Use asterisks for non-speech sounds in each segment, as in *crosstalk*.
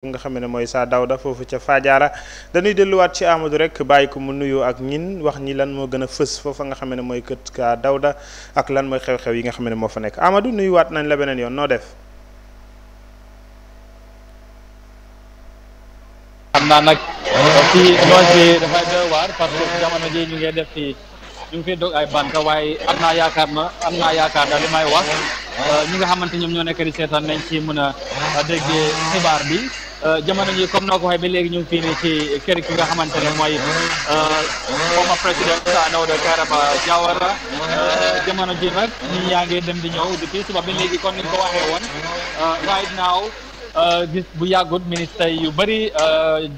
nga xam ne mooy saa Daouda foofu ca Fadiara dañuy delluwaat ci Amadou rek bàyyi ko mu nuyu ak ñin wax ñi lan moo gën a fës foofa nga xam ne mooy kët kaa Daouda ak lan mooy xew-xew yi nga xam ne moo fa nekk Amadou nuyuwaat nañ la beneen yoon noo naa nag fii waar parce que jamono ji ñu ngi def fii ñu ngi fiy dog ay banque waaye am naa yaakaar na am naa yaakaar li may wax ñi nga xamante ñoom ñoo nekk di seetaan nañ ci mën a déggee xibaar bi. Euh, jamono ji comme noo ko waxee ba léegi ñu ngi fii nii ci kër ki nga xamante ne mooy euh, former président Jawara euh, jamono ji nag ñi yaa ngi dem di ñëw depuis suba ba léegi comme ni nga ko waxee woon right now gis bu yàggut ministre yu bëri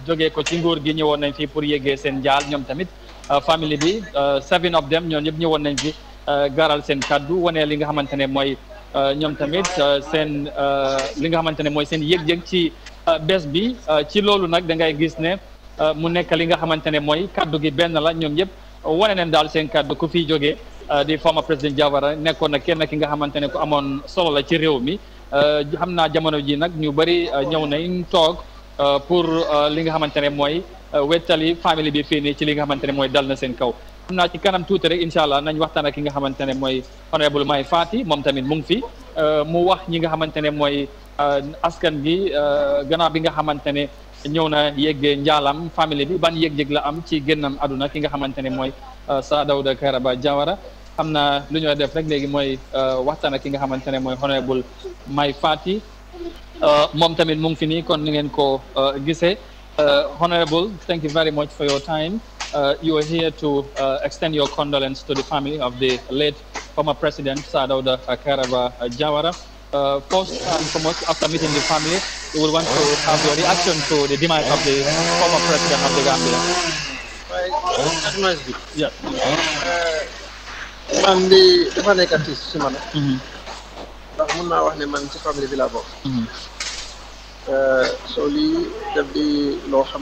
jógee ko ci nguur gi ñëwoon nañ fii pour yégee seen jaal ñoom tamit famille bi seven of them ñoom ñëpp ñëwoon nañ fi garal seen kaddu wane li nga xamante ne mooy ñoom tamit seen li nga xamante ne mooy seen yëg-yëg ci Euh, bés bi euh, ci loolu nag da ngay gis ne euh, mu nekk li nga xamante ne mooy kaddu gi benn la ñoom ñëpp wane neen daal seen kaddu ku fi jóge di former président Jawara nekkoon na kenn ki nga xamante ne ku amoon solo la ci réew mi xam naa jamono ji nag ñu bëri ñëw nañ toog pour li nga xamante ne mooy wettali famille bi fii nii ci li nga xamante ne mooy dal na seen kaw xam naa ci kanam tuuti rek incha allah nañ waxtaan ak ki nga xamante ne mooy honorable Mai Fati moom tamit mu ngi fi mu wax ñi nga xamante ne mooy Euh, askan gi euh, gannaaw bi nga xamante ne ñëw na yeggee njaalam famille bi ban yëg-yëg la am ci génnam aduna ki nga xamante ne mooy euh, Sir Dawda Kairaba Jawara xam na lu ñoo def rek léegi mooy waxtaan ki nga xamante ne mooy honorable Mai Fatty moom tamit mu fi nii kon ni ngeen ko gisee honorable thank you very much for your time Uh, you are here to uh, extend your condolence to the family of the late former president Sir Dawda Jawara. uh, first and foremost, after meeting the family, you will want to have your reaction to the demise of the former president of the Gambia. Right, must Yeah. man li dafa man. Mm-hmm. ndax mun naa wax ne man ci famille bi mm-hmm. uh,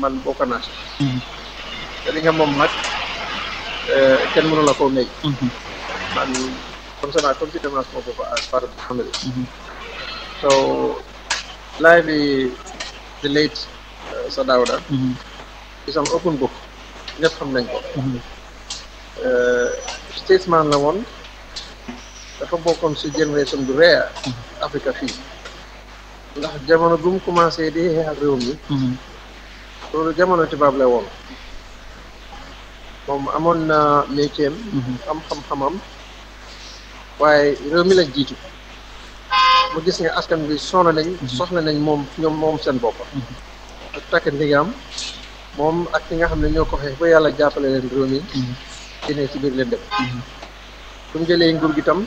man bokk naa si. Mm-hmm. te li nga moom nag uh, kenn mënu comes on our computer mass mobile as part of the family. Mm -hmm. So, library, the late uh, Sadawda mm open book. ñëpp xam nañ ko. Euh, statesman la woon dafa bokkoon si génération bu rëy Africa fii ndax jamono bu mu commencé di xeex ak réew mi. loolu jamono tubaab la woon moom amoon na métier am mhm. xam-xamam. waaye réew mi la jiitu mu gis nga askan bi soxla nañ mhm. soxla nañ moom ñoom moom seen bopp mhm. ak takk ndigam moom ak ñi nga xam ne ñoo ko xeex ba yàlla jàppale leen réew mi mhm. génnee ci biir leen dem bu jëlee nguur gi tam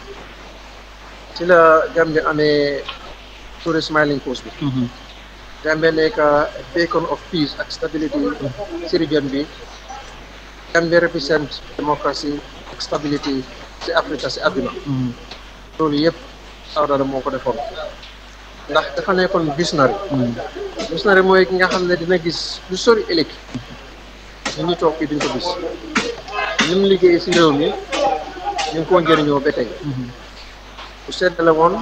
ci la Gambie amee Touré Smiling Coast bi Gambie nekk beacon of peace ak stability ci région bi Gambie represent democracy ak stability ci Afrique ci àdduna loolu yëpp Awdala moo ko defoon ndax dafa nekkoon na mm. visionnaire mooy ki nga xam ne dina gis lu sori ëllëg ñi ñu toog fii duñ ko gis li mu liggéey si réew mi ñu koo njëriñoo ba tey mm-hmm. ku sedd la woon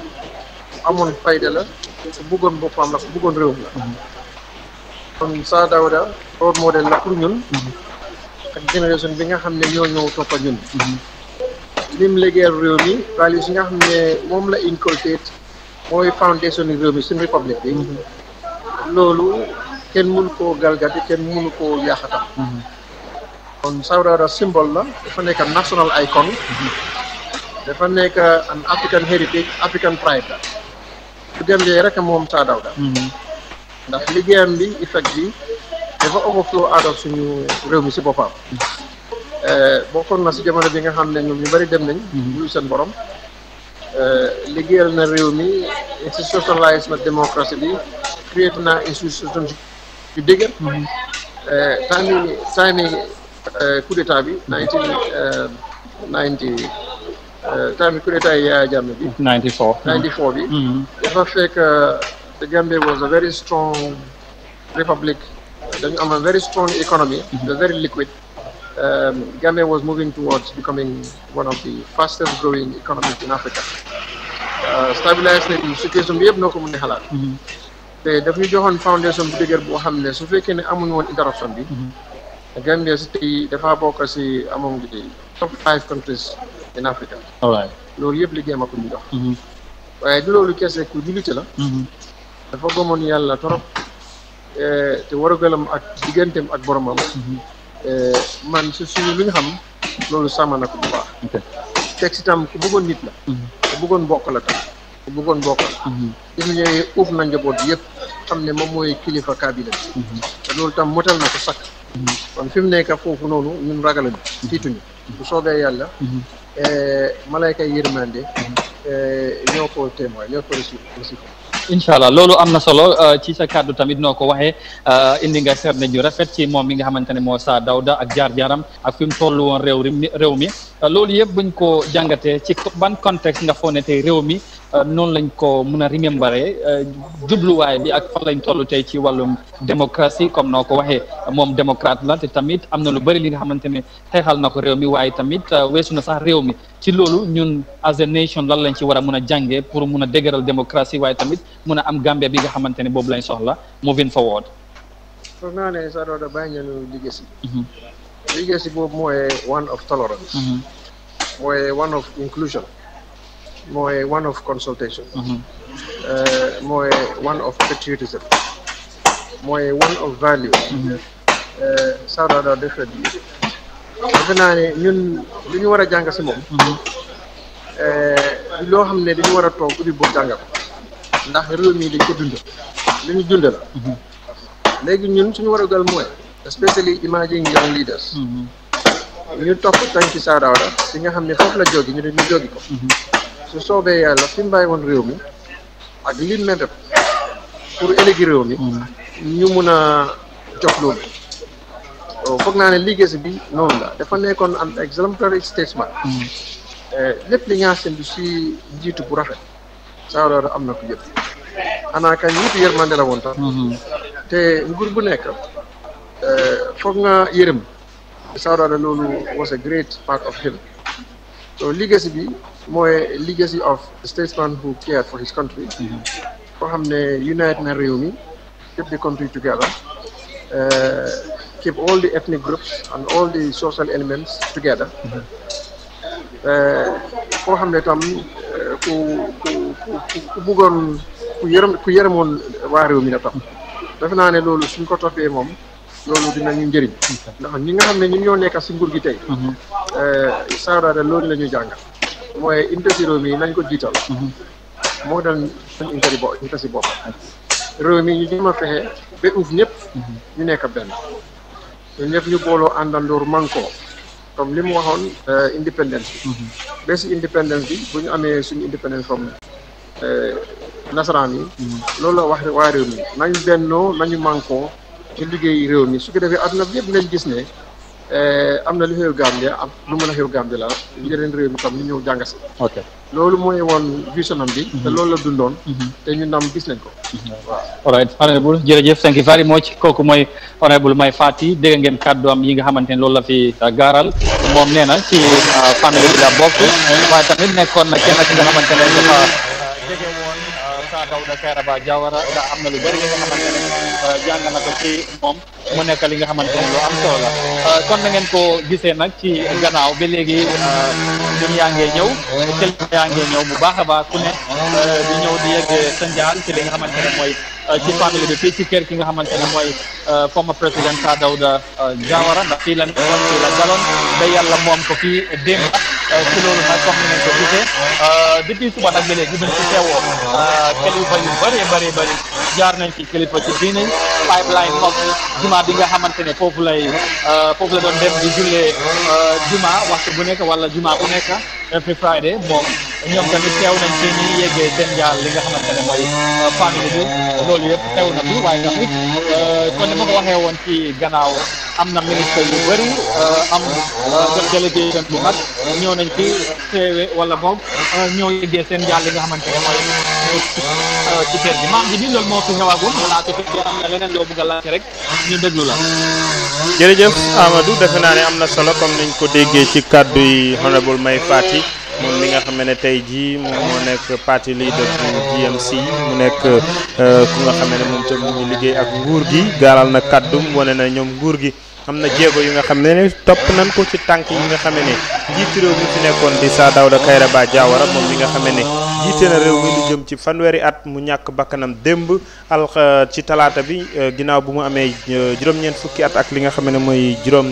amoon fayda la ku bëggoon boppam la ku bëggoon réew mi la mm-hmm. kon Sir Dawda rôle la pour ñun mm-hmm. ak génération bi nga xam ne ñoo ñëw toppa ñun lim liggéeyal réew mi valeurs yi nga xam ne la inculqué mooy foundation ni réew mi suñu république bi loolu kenn mënu koo galgati kenn mënu koo yaaxatam kon South symbole la dafa nekk national icon dafa nekk an African heritage African pride la su demee rek moom Sir Dawda mhm. ndax liggéeyam bi effect bi dafa overflow out of suñu réew mi si boppam Euh, bokkoon na si jamono bi nga xam ne ñoom ñu bëri dem nañ. wuyu mhm. seen borom. Euh, liggéeyal na réew mi institutionnalise na démocratie bi créé na institution yu dëgër. time yi bi. nineteen ninety time yi coup d'état yi bi. ninety four euh, ninety four bi. Mhm. Mhm. dafa fekk the Gambia was a very strong republic dañu am a very strong economy. a very liquid. um, Gambia was moving towards becoming one of the fastest growing economies in Africa. Uh, stabiliser the situation we have no ko mën a xalaat. Mhm. te foundation bu dëgër boo xam ne su fekkee ne amuñu interruption bi. Mhm. Gambia si tey dafa bokk si among the top five countries in Africa. waaw loolu yëpp liggéey ma ko ñu jox. Mhm. waaye du loolu kese ku jullite la. dafa gëmoon yàlla torop eh, te warugalam ak digganteem ak boromam. Eh, man su suñu lu ñu xam loolu sàmm na ko bu baax. teg tam ku bëggoon nit la. Mhm. ku bëggoon bokk la tam. ku bëggoon bokk la. Mhm. gis nga uuf na njaboot yëpp xam ne moom mooy kilifa kabila bi. Mhm. te loolu tam motal na ko sakk. kon fi mu nekk foofu noonu ñun ragaluñu tiituñu. bu soobee yàlla. Eh, malayka yërmande eh, ñoo ko témoin ñoo ko reçu reçu ko. incha allah loolu am na solo euh, ci sa kàddu tamit noo ko waxee euh, indi nga seet nañu rafet ci moom mi nga xamante ne moo Sir Dawda ak jaar-jaaram ak fi mu toll woon réew mi réew mi euh, loolu yëpp buñ ko jàngatee ci ban contexte nga foo ne tey réew mi. Euh, noonu lañ ko mun a rememberé euh, jubluwaay bi ak fan lañ toll tey ci wàllum démocratie comme noo ko waxee moom démocrate la te tamit am na lu bëri li nga xamante ne xeexal na ko réew mi waaye tamit euh, weesu na sax réew mi ci loolu ñun as a nation lan lañ ci war a mën a jàngee pour mun a dëgëral démocratie waaye tamit mun a am Gambia bi nga xamante ne boobu lañ soxla moving forward. foog naa sa dooda bàyyi ngeen mhm. liggéey si. boobu mooy one of tolerance. Mhm. mooy one of consultation mhm. eh, mooy one of patriotism mooy one of value sarada defe bi defe naa ne ñun li ñu war a jàng si moom mhm. eh, loo xam ne dañu war a toog ubbi bu jàng ko ndax réew mi dañ ko dund li ñu dund la mhm. léegi ñun suñu war a gal mooy especially emerging young leaders ñu topp tànki Sir Dawda si nga xam ne foofu la jógi ñu ne ñu ko su soobee yàlla fi mu bàyyi won réew mi ak lim na def pour élégi réew mi. ñu mun a jox loolu. foog naa ne liggéey bi noonu la dafa nekkoon am exemplary statesman. lépp li nga xam ne si jiitu bu rafet. saa loolu am na ko yëpp. xanaa kañ njiitu yërmande la woon tam. te nguur bu nekk. foog nga yërëm. saa loolu was a great part of him. so liggéey bi. mooy legacy of a statesman who cared for his country. koo xam ne unite na réew mi keep the country together eh, keep all the ethnic groups and all the social elements together. Eh, koo xam ne tam eh, ku ku ku ku bëggoon ku yërëm ku yërëmoon waa réew mi na tam. defe naa ne loolu suñ ko toppee moom. loolu dinañu njëriñ. ndax ñi nga xam ne ñu ñoo nekk si nguur gi tey. Mhm. Saada de loolu la ñuy jàngal. mooy intérêt réew mi nañ ko jiital. Mhm. moo dem suñu intérêt bo intérêt boppam. réew mi ñu jéem a fexe ba uuf ñëpp. Mhm. ñu nekk benn. ñu ñëpp ñu booloo àndandoor manko comme li mu waxoon euh, indépendance bi. Mhm. ba bi bu ñu amee suñu indépendance comme euh, nasaraan yi. loolu la wax waa réew mi nañ bennoo nañu manko ci liggéey réew mi su ko defee àdduna bi yëpp nañ gis ne. Eh, am na li xew Gambia ak lu mën a xew Gambia la yeneen réew mi tam ñu ñëw jàngat si. ok loolu mooy woon vision am bi. Mhm. te loolu la dundoon. Mhm. te ñu nam gis nañ ko. Mhm. waaw all right honorable jërëjëf thank you very much kooku mooy honorable Mai Fatty dégg ngeen kàddu am yi nga xamante ne loolu la fi uh, gaaral moom nee na ci uh, famille bi la bokk waaye tamit nekkoon na kenn ci nga xamante ne dafa. Moussa Daouda Kairaba Diawara ndax na lu bëri li nga xamante ne euh, jàng mu nekk li nga xamante ne lu am solo la euh, kon na ngeen ko gisee nag ci gannaaw ba léegi ñun euh, yaa ngee ñëw ci yaa ngee ñëw bu baax a baax ku ne di ñëw di sa njaal ci li nga xamante ne mooy ci famille bi fii ci kër ki nga xamante ne mooy former président Daouda Diawara ndax fii la nekkoon fii ko fii démb ci loolu nag comme ni ngeen ko gisee depuis suba nag ba léegi buñ ci teewoo euh, kilifa yu bëree bëri bëri jaar nañ ci kilifa ci diine pipeline comme juma bi nga xamante ne foofu lay euh, foofu la doon dem di jullee euh, juma waxtu bu nekk wala juma bu nekk every Friday moom. ñoom tamit teew nañ ci ñi yeggee seen jaar li nga xamante ne mooy euh, famille bi loolu yëpp teew na fi waaye ndax it kon euh, ni ko waxee woon ci gannaaw am na ministre yu bëri euh, am nañ ci teewe ñëw yeggee seen jaar li nga xamante ne mooy ci kër na rek ñu déglu naa ne am na solo comme niñ ko déggee ci kàddu yi honorable May Fati moom li nga xam ne tey jii moo nekk parti leader bu GMC mu nekk euh, ku nga xam ne moom tam mu ngi liggéey ak nguur gi gaaral na kàddum wane na ñoom nguur gi am na jéego yi nga xam ne topp nañ ko ci tànk yi nga xame ne jiitu réew mi fi nekkoon di Sir Dawda Kairaba Jawara moom mi nga xam ne jiite na réew mi lu jëm ci fanweeri at mu ñàkk bakkanam démb al euh, ci talaata bi euh, ginnaaw bu mu amee juróom-ñeent fukki at ak li nga xam ne mooy juróom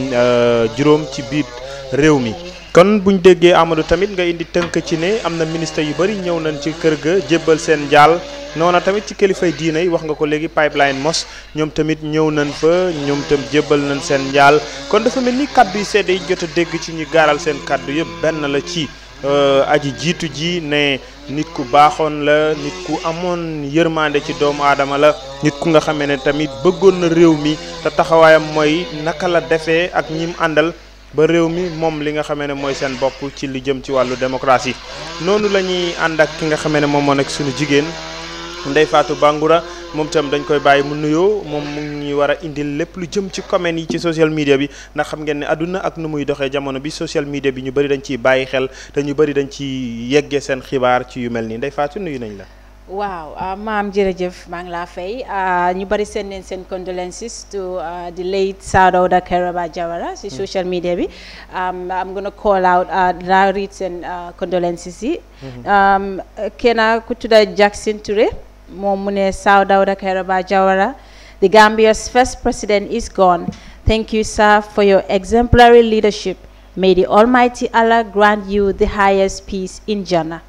juróom ci biir réew mi. kon bu buñ déggee amalu tamit nga indi tënk ci ne am na ministre yu bari ñëw nañ ci kër ga jébbal seen njaal noona tamit ci kilifay diina yi wax nga ko léegi pipeline mos ñoom tamit ñëw nañ fa ñoom tam jébbal nañ seen njaal kon dafa mel ni kaddu yi seede yi jot a dégg ci ñu gaaral seen kaddu yëpp benn la ci euh, aji jiitu ji ne nit ku baaxoon la nit ku amoon yërmaande ci doomu aadama la nit ku nga xamee ne tamit bëggoon na réew mi te taxawaayam mooy naka la defee ak ñim àndal ba réew mi moom li nga xamee ne mooy seen bopp ci lu jëm ci wàllu démocratie noonu la ñuy ànd ak ki nga xamee ne moom moo nekk suñu jigéen Ndeye Fatou Bangoura moom tam dañ koy bàyyi mu nuyoo moom mu ngi war a indil lépp lu jëm ci comment yi ci social media bi ndax xam ngeen ne àdduna ak nu muy doxee jamono bi social media bi ñu bëri dañ ciy bàyyi xel te ñu bëri dañ ciy yeggee seen xibaar ci yu mel nii Ndeye Fatou nuyu nañ la. Wow, ah, ma'am, jërëjëf maa ngi laa fay ah, bari seen condolences to ah, the late Saadawda Karaba Jawara si hmm. social media bi um, I'm gonna call out now. Written seen condolences yi hmm. um, kenn ku tudda Jackson Touré Momune mu ne Jawara the Gambia's first president is gone thank you sir for your exemplary leadership may the Almighty Allah grant you the highest peace in Jannah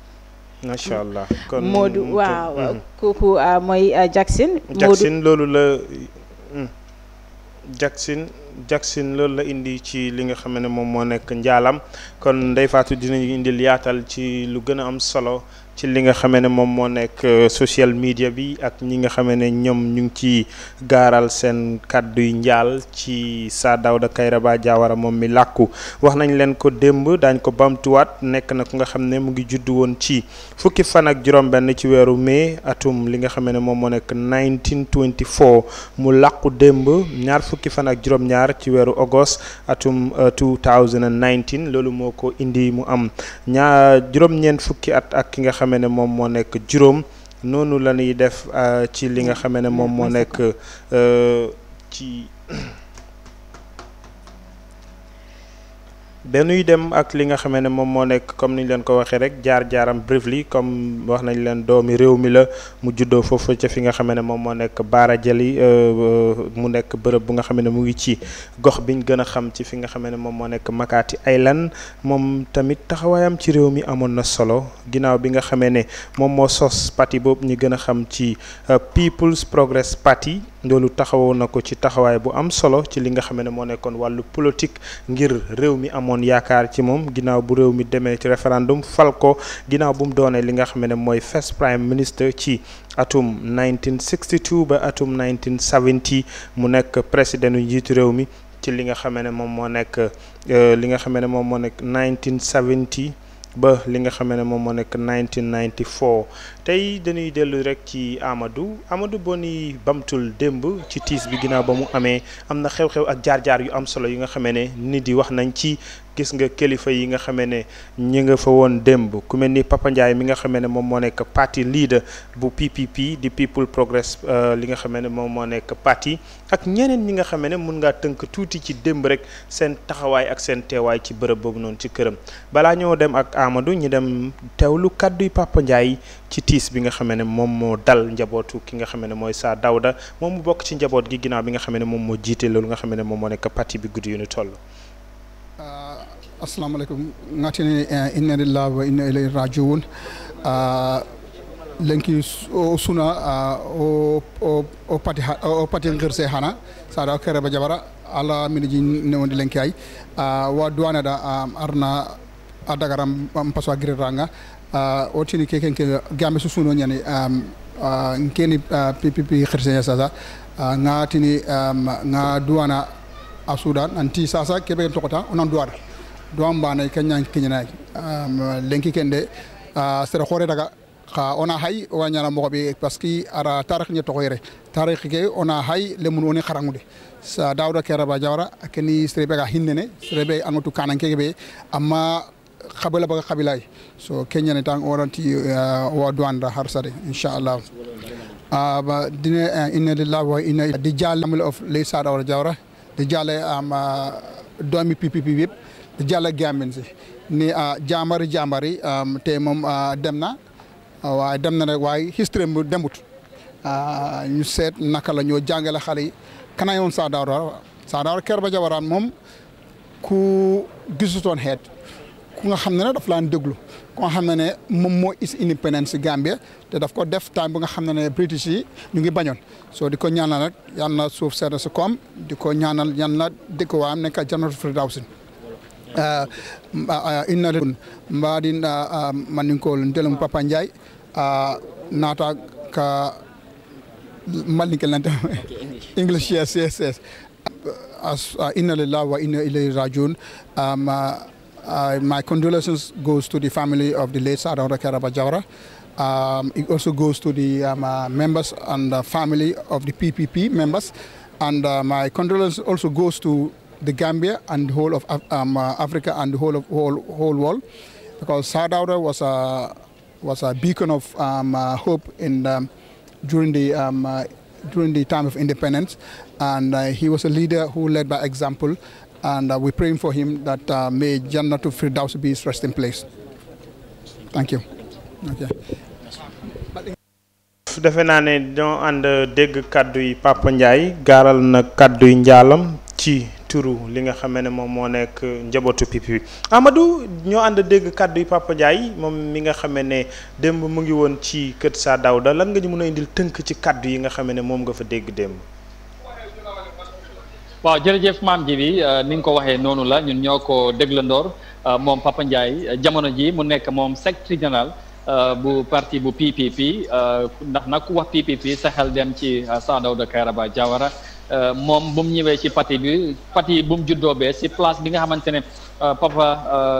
macha allah kon Modou waaw mm. kooku ah, mooy ah, Jackson. Modou Jackson loolu la. Mm. Jackson Jackson loolu la indi ci li nga xam ne moom moo nekk njaalam kon Ndeye Fatou dinañu indil yaatal ci lu gën a am solo ci li nga xamee euh, social media bi ak ñi nga xamee ne ñoom ñu ngi ci gaaral seen kàddu yi njaal ci Sir Dawda Kairaba Jawara moom mi làkku wax nañ leen ko démb daañ ko bamtuwaat nekk na ku nga xam mu ngi judd ci fukki fan ak ci weeru mai atum li nga xamee ne 1924 mu làkku nyar ñaar fukki fan ak juróom-ñaar ci weeru august atum 2019 euh, loolu moko indi mu am ñaar juróom-ñeent fukki at ak nga xamee ne moom moo nekk juróom noonu la ñuy def euh, ci li nga xame ne moom moo nekk euh, ci benn dañuy dem ak li nga xamee ne moom moo nekk comme ni ñu leen ko waxee rek jaar-jaaram briefly comme wax nañ leen doomi réew mi la mu juddoo foofu ca fi nga xamee ne moom moo nekk Baara Jali euh, euh, mu nekk bërëb bu nga xamee ne mu ngi ci gox biñ gën a xam ci fi nga xamee ne moom moo nekk Makati Island moom tamit taxawaayam ci réew mi amoon na solo ginnaaw bi nga xamee ne moom moo sos pati boobu ñu gën a xam ci euh, People's Progress Party loolu taxawoon na ko ci taxawaay bu am solo ci li nga xam ne moo nekkoon wàllu politique ngir réew mi amoon yaakaar ci moom ginnaaw bu réew mi demee ci référendum fal ko ginnaaw bu mu doonee li nga xam ne mooy first prime ci atum 1962 ba atum 1970 mu nekk président u njiitu réew mi ci li nga xame ne moom moo nekk euh, li nga xam ne moom moo nekk 1970. ba li nga xam ne moom moo nekk 1994 tey dañuy dellu rek ci Amadou amadu boo ni bamtul démb ci tiis bi ginnaaw ba mu amee am na xew-xew ak jaar-jaar yu am solo yi nga xamee ne nit yi wax nañ ci gis nga kilifa yi nga xamee ne ñi nga fa woon démb ku mel ni Papa Ndiaye mi nga xamee ne moom moo nekk parti leader bu PPP di People Progress euh, li nga xamee ne moom moo nekk parti ak ñeneen ñi nga xamee ne mun ngaa tënk tuuti ci démb rek seen taxawaay ak seen teewaay ci bërëb boobu noonu ci këram balaa ñoo dem ak Amadou ñu dem teewlu kàdduy Papa Ndiaye ci tiis bi nga xamee ne moom moo dal njabootu ki nga xamee ne mooy Sir Dawda moom mu bokk ci njaboot gi ginnaaw bi nga xamee ne moom moo jiite loolu nga xamee moom moo nekk parti bi guddi yu ni toll. Uh, asalaamaaleykum ngatini eh, inna lillahi wa inna ilayhi rajiun uh, lenki suna uh, o o pati o pati ngirse hana saɗa o kereba jabara ala mine ji newondi lenki ay wa duwane ɗa um, arna a dagaram um, pasoa guiriraga Ah, o tini keken ke gambe susuno ñani ah, nkeni ah, ppp chrétien ya sasa nga tini nga duwana a sudan anti sasa kebe tokota onan duwana duwan bana kanya kinyana lenki kende sera khore daga xa ona hay owa ñana moxo ɓe parce que ara tarix ñe toxoyere tarix ke ona hay lemun oni xarangude sa dawda ke raba jawra keni serebe ga hinnene serebe angotu kanan keke ɓe amma kabila baga kabilaji so keñane tan oranti o duwanɗa harsade inchallahu ba dine eh, inna lillahi wa inna di jaale amle of ley saɗa ora jawra di jaale am um, ah, domi pipipi wip di jaale gamin si ni ah, jamari jamari um, te moom ah, demna waaye dem na rek waaye history mu demut ñu seet naka la ñoo jàngale xale yi kana yoon saa daawar saa daawar ker ba moom ku gisutoon xeet ku nga xam na daf laan déglu ku nga xam ne ne moom is independence si Gambia te daf ko def time bu nga xam ne ne British yi ñu ngi bañoon soo di ko ñaanal rek yal na suuf sedd si koom di ko ñaanal yal na dëkkuwaayam nekk jannatul firdawsi ah, ah, inna leen mbaadin ah, man ni ko ndelum Papa Ndiaye nata ka malinkel nante English yes yes yes as inna lillahi wa inna ilayhi rajiun Uh, my condolences goes to the family of the late Sadauda Karabajawara. Um, it also goes to the um, uh, members and family of the PPP members. And uh, my condolences also goes to the Gambia and the whole of Af um, uh, Africa and the whole of whole, whole world, because Sadauda was a was a beacon of um, uh, hope in um, during the um, during the time of independence, and he was a leader who led by example and uh, we're praying for him that uh, may Jannah to Firdaus be his resting place. Thank you. Okay. defe naa ne ànd dégg kàddu yi Papa Ndiaye gaaral na kàddu yi njaalam ci turu li nga xamee ne moom moo nekk njabootu pipi Amadou ñoo ànd dégg kàddu yi Papa Ndiaye moom mi nga xamee ne démb mu ngi woon ci kër Saa Daawda lan nga ñu mën a indil tënk ci kàddu yi nga xamee ne moom nga fa dégg démb. waaw jërëjëf maam ji bi euh, ni nga ko waxee noonu la ñun ñoo ko déglandoor euh, moom Papa Ndiaye jamono ji mu nekk moom secrétaire général euh, bu parti bu PPP ndax nag ku wax PPP sa xel dem ci Sir Dawda Kairaba Jawara moom bu ñëwee ci parti bi parti bu mu juddoo bee si place bi nga xamante ne papa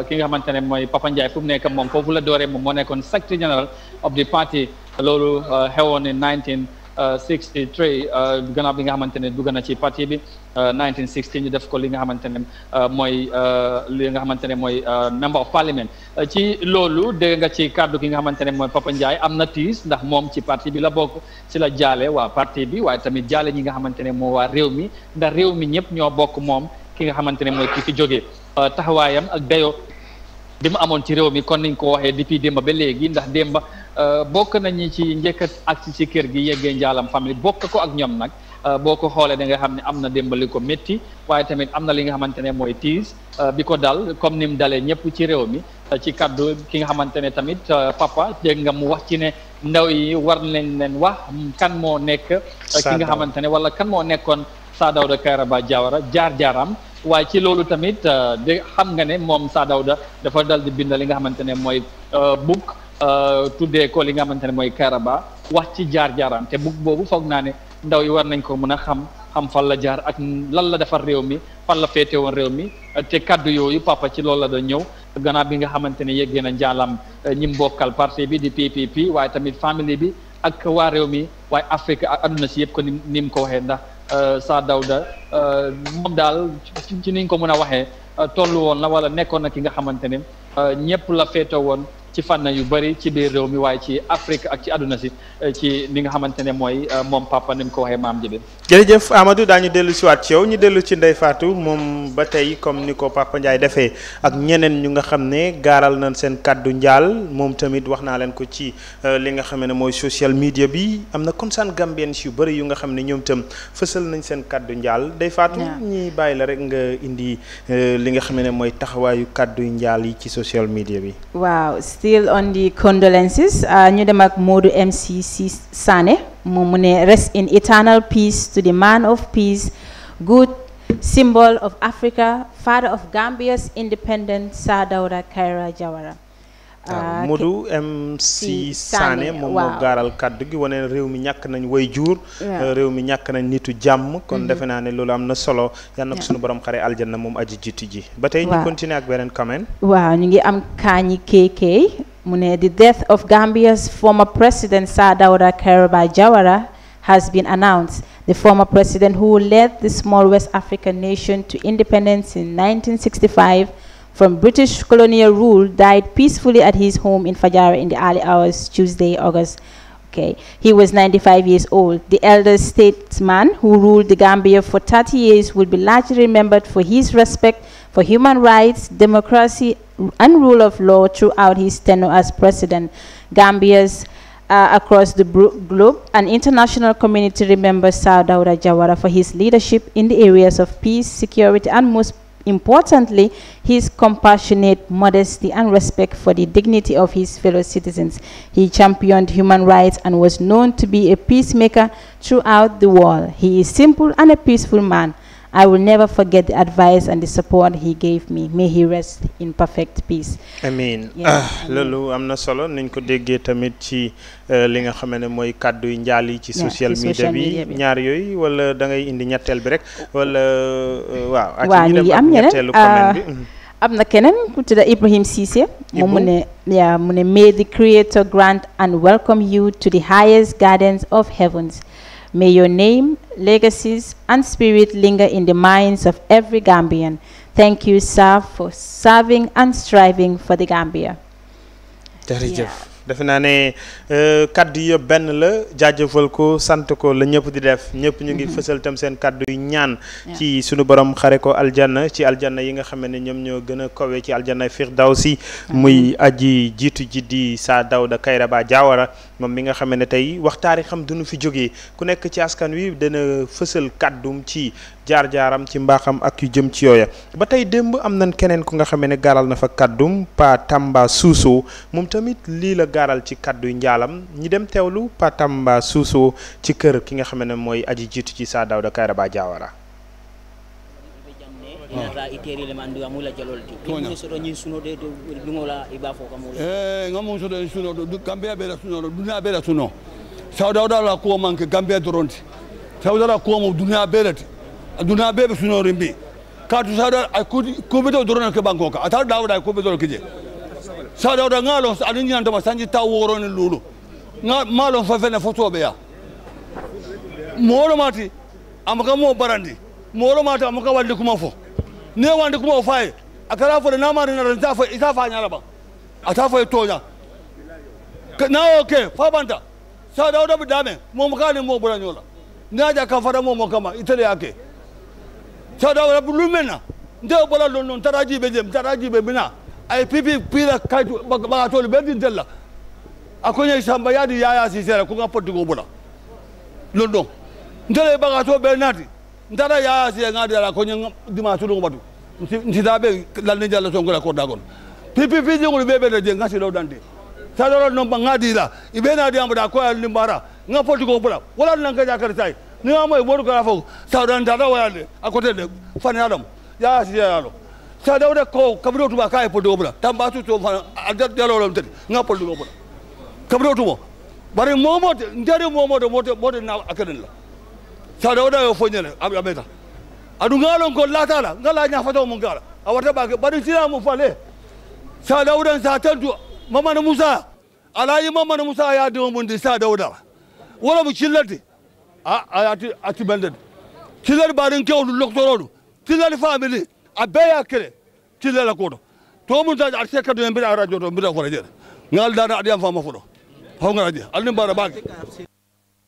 ki nga xamante ne mooy Papa Ndiaye fu mu nekk moom foofu la dooree moom moo nekkoon secrétaire général of the party loolu xewoon ne 63 euh, euh, gannaaw bi nga xamante ne dugg na ci partie bi 1960 euh, ñu def ko li nga xamante ne mooy li nga xamante ne mooy member of parliament ci loolu dégg nga ci kàddu gi nga xamante ne mooy Papa Ndiaye am na tiis ndax moom ci partie bi la bokk ci la jaale waa parti bi waaye tamit jaale ñi nga xamante ne moo waa réew mi ndax réew mi ñëpp ñoo bokk moom ki nga xamante ne mooy ki fi jógee taxawaayam ak dayo bi mu amoon ci réew mi kon niñ ko waxee depuis démba ba léegi ndax démba Eh, bokk nañu ci njëkk ak ci kër gi yeggee njaalam famille bokk ko ak ñoom nag eh, boo ko xoolee da nga xam amna am na démbali ko tamit am li nga eh, dal comme ni mu dalee ci réew mi ci ki nga tamit papa dégg nga mu wax ci ne ndaw yi war nañ wax kan mo neke ki nga wala kan mo nekon Sir Dawda Kairaba Jawara jaar-jaaram waaye ci loolu tamit de xam nga ne moom Sir Dawda dafa dal di bind li nga book Euh, tuddee ko yi nga xamante ne mooy Karaba wax ci jaar-jaaraam te bu boobu foog naa ne ndaw yi war nañ ko mën a xam xam fan la jaar ak lan la defar réew mi fan la féete woon réew mi te kaddu yooyu papa ci loolu la doon ñëw gannaaw bi nga xamante ne yeggee na njaalam euh, ñi mbokkal parti bi di PPP waaye tamit famille bi ak waa réew mi waaye Afrique ak àdduna si yëpp ko ni ni ko waxee ndax euh, Sir Dawda moom daal ci niñ ko mën a waxee tollu woon la wala nekkoon na ki nga xamante ne ñëpp la féete woon ci fànn yu bëri ci biir réew mi waaye ci Afrique ak ci àdduna si eh, ci li nga xamante ne mooy eh, moom papa ni mu ko waxee maam ji bi jërëjëf Amadou daañu dellu si waat ci yow ñu dellu ci Ndeye Fatou moom ba tey comme ni ko Papa Ndiaye defee ak ñeneen ñu nga xam ne gaaral na seen kàddu njaal moom tamit wax naa leen ko ci eh, li nga xam ne mooy social media bi am na consaan gambien yu bëri yu nga xam ne ñoom itam fësal nañ seen kàddu njaal Ndeye Fatou ñi bàyyi la rek nga indi li nga xam ne mooy taxawaayu kàddu njaal yi ci social media bi still on the condolences uh, ñu dem ak Modou Sané moom rest in eternal peace to the man of peace good symbol of Africa father of Gambia's independence Sir Kaira Jawara Ah, waaw Modou MC Sané moom moo kaddu gi wane réew mi ñàkk nañ way juur eh, réew mi ñàkk nañ nitu jàmm kon mm-hmm. defe naa ne loolu am na solo yal na ko suñu borom xare aljanna moom aji jiitu ji ba tey ñu continuer ak beneen comment waaw ñu ngi am kaañi kéekéey mu ne the death of Gambia's former president Sir Dawda Kairaba Jawara has been announced the former president who led the small West African nation to independence in 1965 from British colonial rule died peacefully at his home in Fajara in the early hours Tuesday, August. Okay. He was 95 years old. The elder statesman who ruled the Gambia for 30 years will be largely remembered for his respect for human rights, democracy, and rule of law throughout his tenure as president. Gambia's uh, across the globe, an international community remembers Saudawda Jawara for his leadership in the areas of peace, security, and most importantly, his compassionate modesty and respect for the dignity of his fellow citizens. He championed human rights and was known to be a peacemaker throughout the world. He is simple and a peaceful man. I will never forget the advice and the support he gave me. May he rest in perfect peace. amiin ah, loolu am na solo nañ ko déggee tamit ci eh, li nga xam ne mooy kàddu yu njaal yi ci social media bi ñaar yooyu wala dangay indi ñetteel bi rek wala eh, waaw. waaw ñu am ah, am na keneen ku tudd Ibrahim Cissé. moom mu ne yaa mu ne may the creator grant and welcome you to the highest gardens of heavens. May your name, legacies, and spirit linger in the minds of every Gambian. Thank you, sir, for serving and striving for the Gambia. jërëjëf defe naa ne euh, kaddu yëpp benn la jaajëfal ko sant ko la ñëpp di def ñëpp ñu ngi mhm. fësal tam seen kaddu yu ñaan ci sunu borom xare ko aljana ci aljana yi nga xam ne ñoom ñoo gën a kawe ci daw si muy aji jiitu ji di saa Dawda Kayraba Diawara moom bi nga xam ne tey waxtaari xam duñu fi jógee ku nekk ci askan wi dana fësal kaddum ci jaar-jaaram ci mbaaxam ak yu jëm ci yooya ba tey démb am na keneen ku nga xamee ne gaaral na fa kàddum Pa Tamba Suuso moom tamit lii la gaaral ci kàddu yu njaalam ñi dem teewlu Pa Tamba Suuso ci kër ki nga xam ne mooy aji jiitu ci Sir Dawda Kairaba Jawara nata iterile ma andu aduna bebe sunori mbi kaatu sada akudi kubeto dorona ke bangoka atar dawda ay kubeto kije sada da ngalo adu nyanda masanji ta woro ni lulu nga malo fa fene foto be ya moro mati amaka mo barandi moro mati amaka wandi kuma fo ne wandi kuma faye akara fo na mari na ta fo ita fa nyara ba ata fo tonya na okay fa banta sada da bi dame mo mukani mo buranyola naja kafara mo mo kama itele yake sada wala bulu mena nte bɔra london taara ji bɛ jɛn taara ji bɛ bina a ye pipi pira ka bagatɔ bɛɛ di ntɛli la a ko n ye sanba y'a di yaya sise yɛrɛ ko n ka pɔtigi bɔ la london ntɛli bagatɔ bɛɛ nati n taara yaya si n ka di a la ko n ye dimanche don batu n ti taa bɛ ladinja la sɔn ko la kɔ da kɔnɔ pipi pipi jɛnkulu bɛɛ bɛ dɔ jɛ n ka siraw dante sada wala nɔnba n ka di i la i bɛ n'a di yan bɔ a ko yɛrɛ ni baara n ka pɔtigi bɔ la wala ni n ka ja karisa ye ni amo e boru kala fo sa dan da da wale akote de fani adam ya si ya lo sa da de ko kabro tu ba kai po dobra tamba tu to fa adat de lo lo tete nga po lo bona kabro tu mo bare momo ndere momo de mote mote na akaden la sa da da yo fo nyele abeta adu ngalo ko lata la ngala nya fa to mun gala awata ba bare sira mu fale sa da udan sa tantu mama na musa alayi mama na musa ya de mun di sa da wala mu chillate Ah, ah, ati ati bende kila barin ke olu loktor olu kila family abeya kele kila la kodo to mun ta arse kadu en bira radio to bira ko jere ngal dana adi am fama fodo haw ngal adi alni bara bak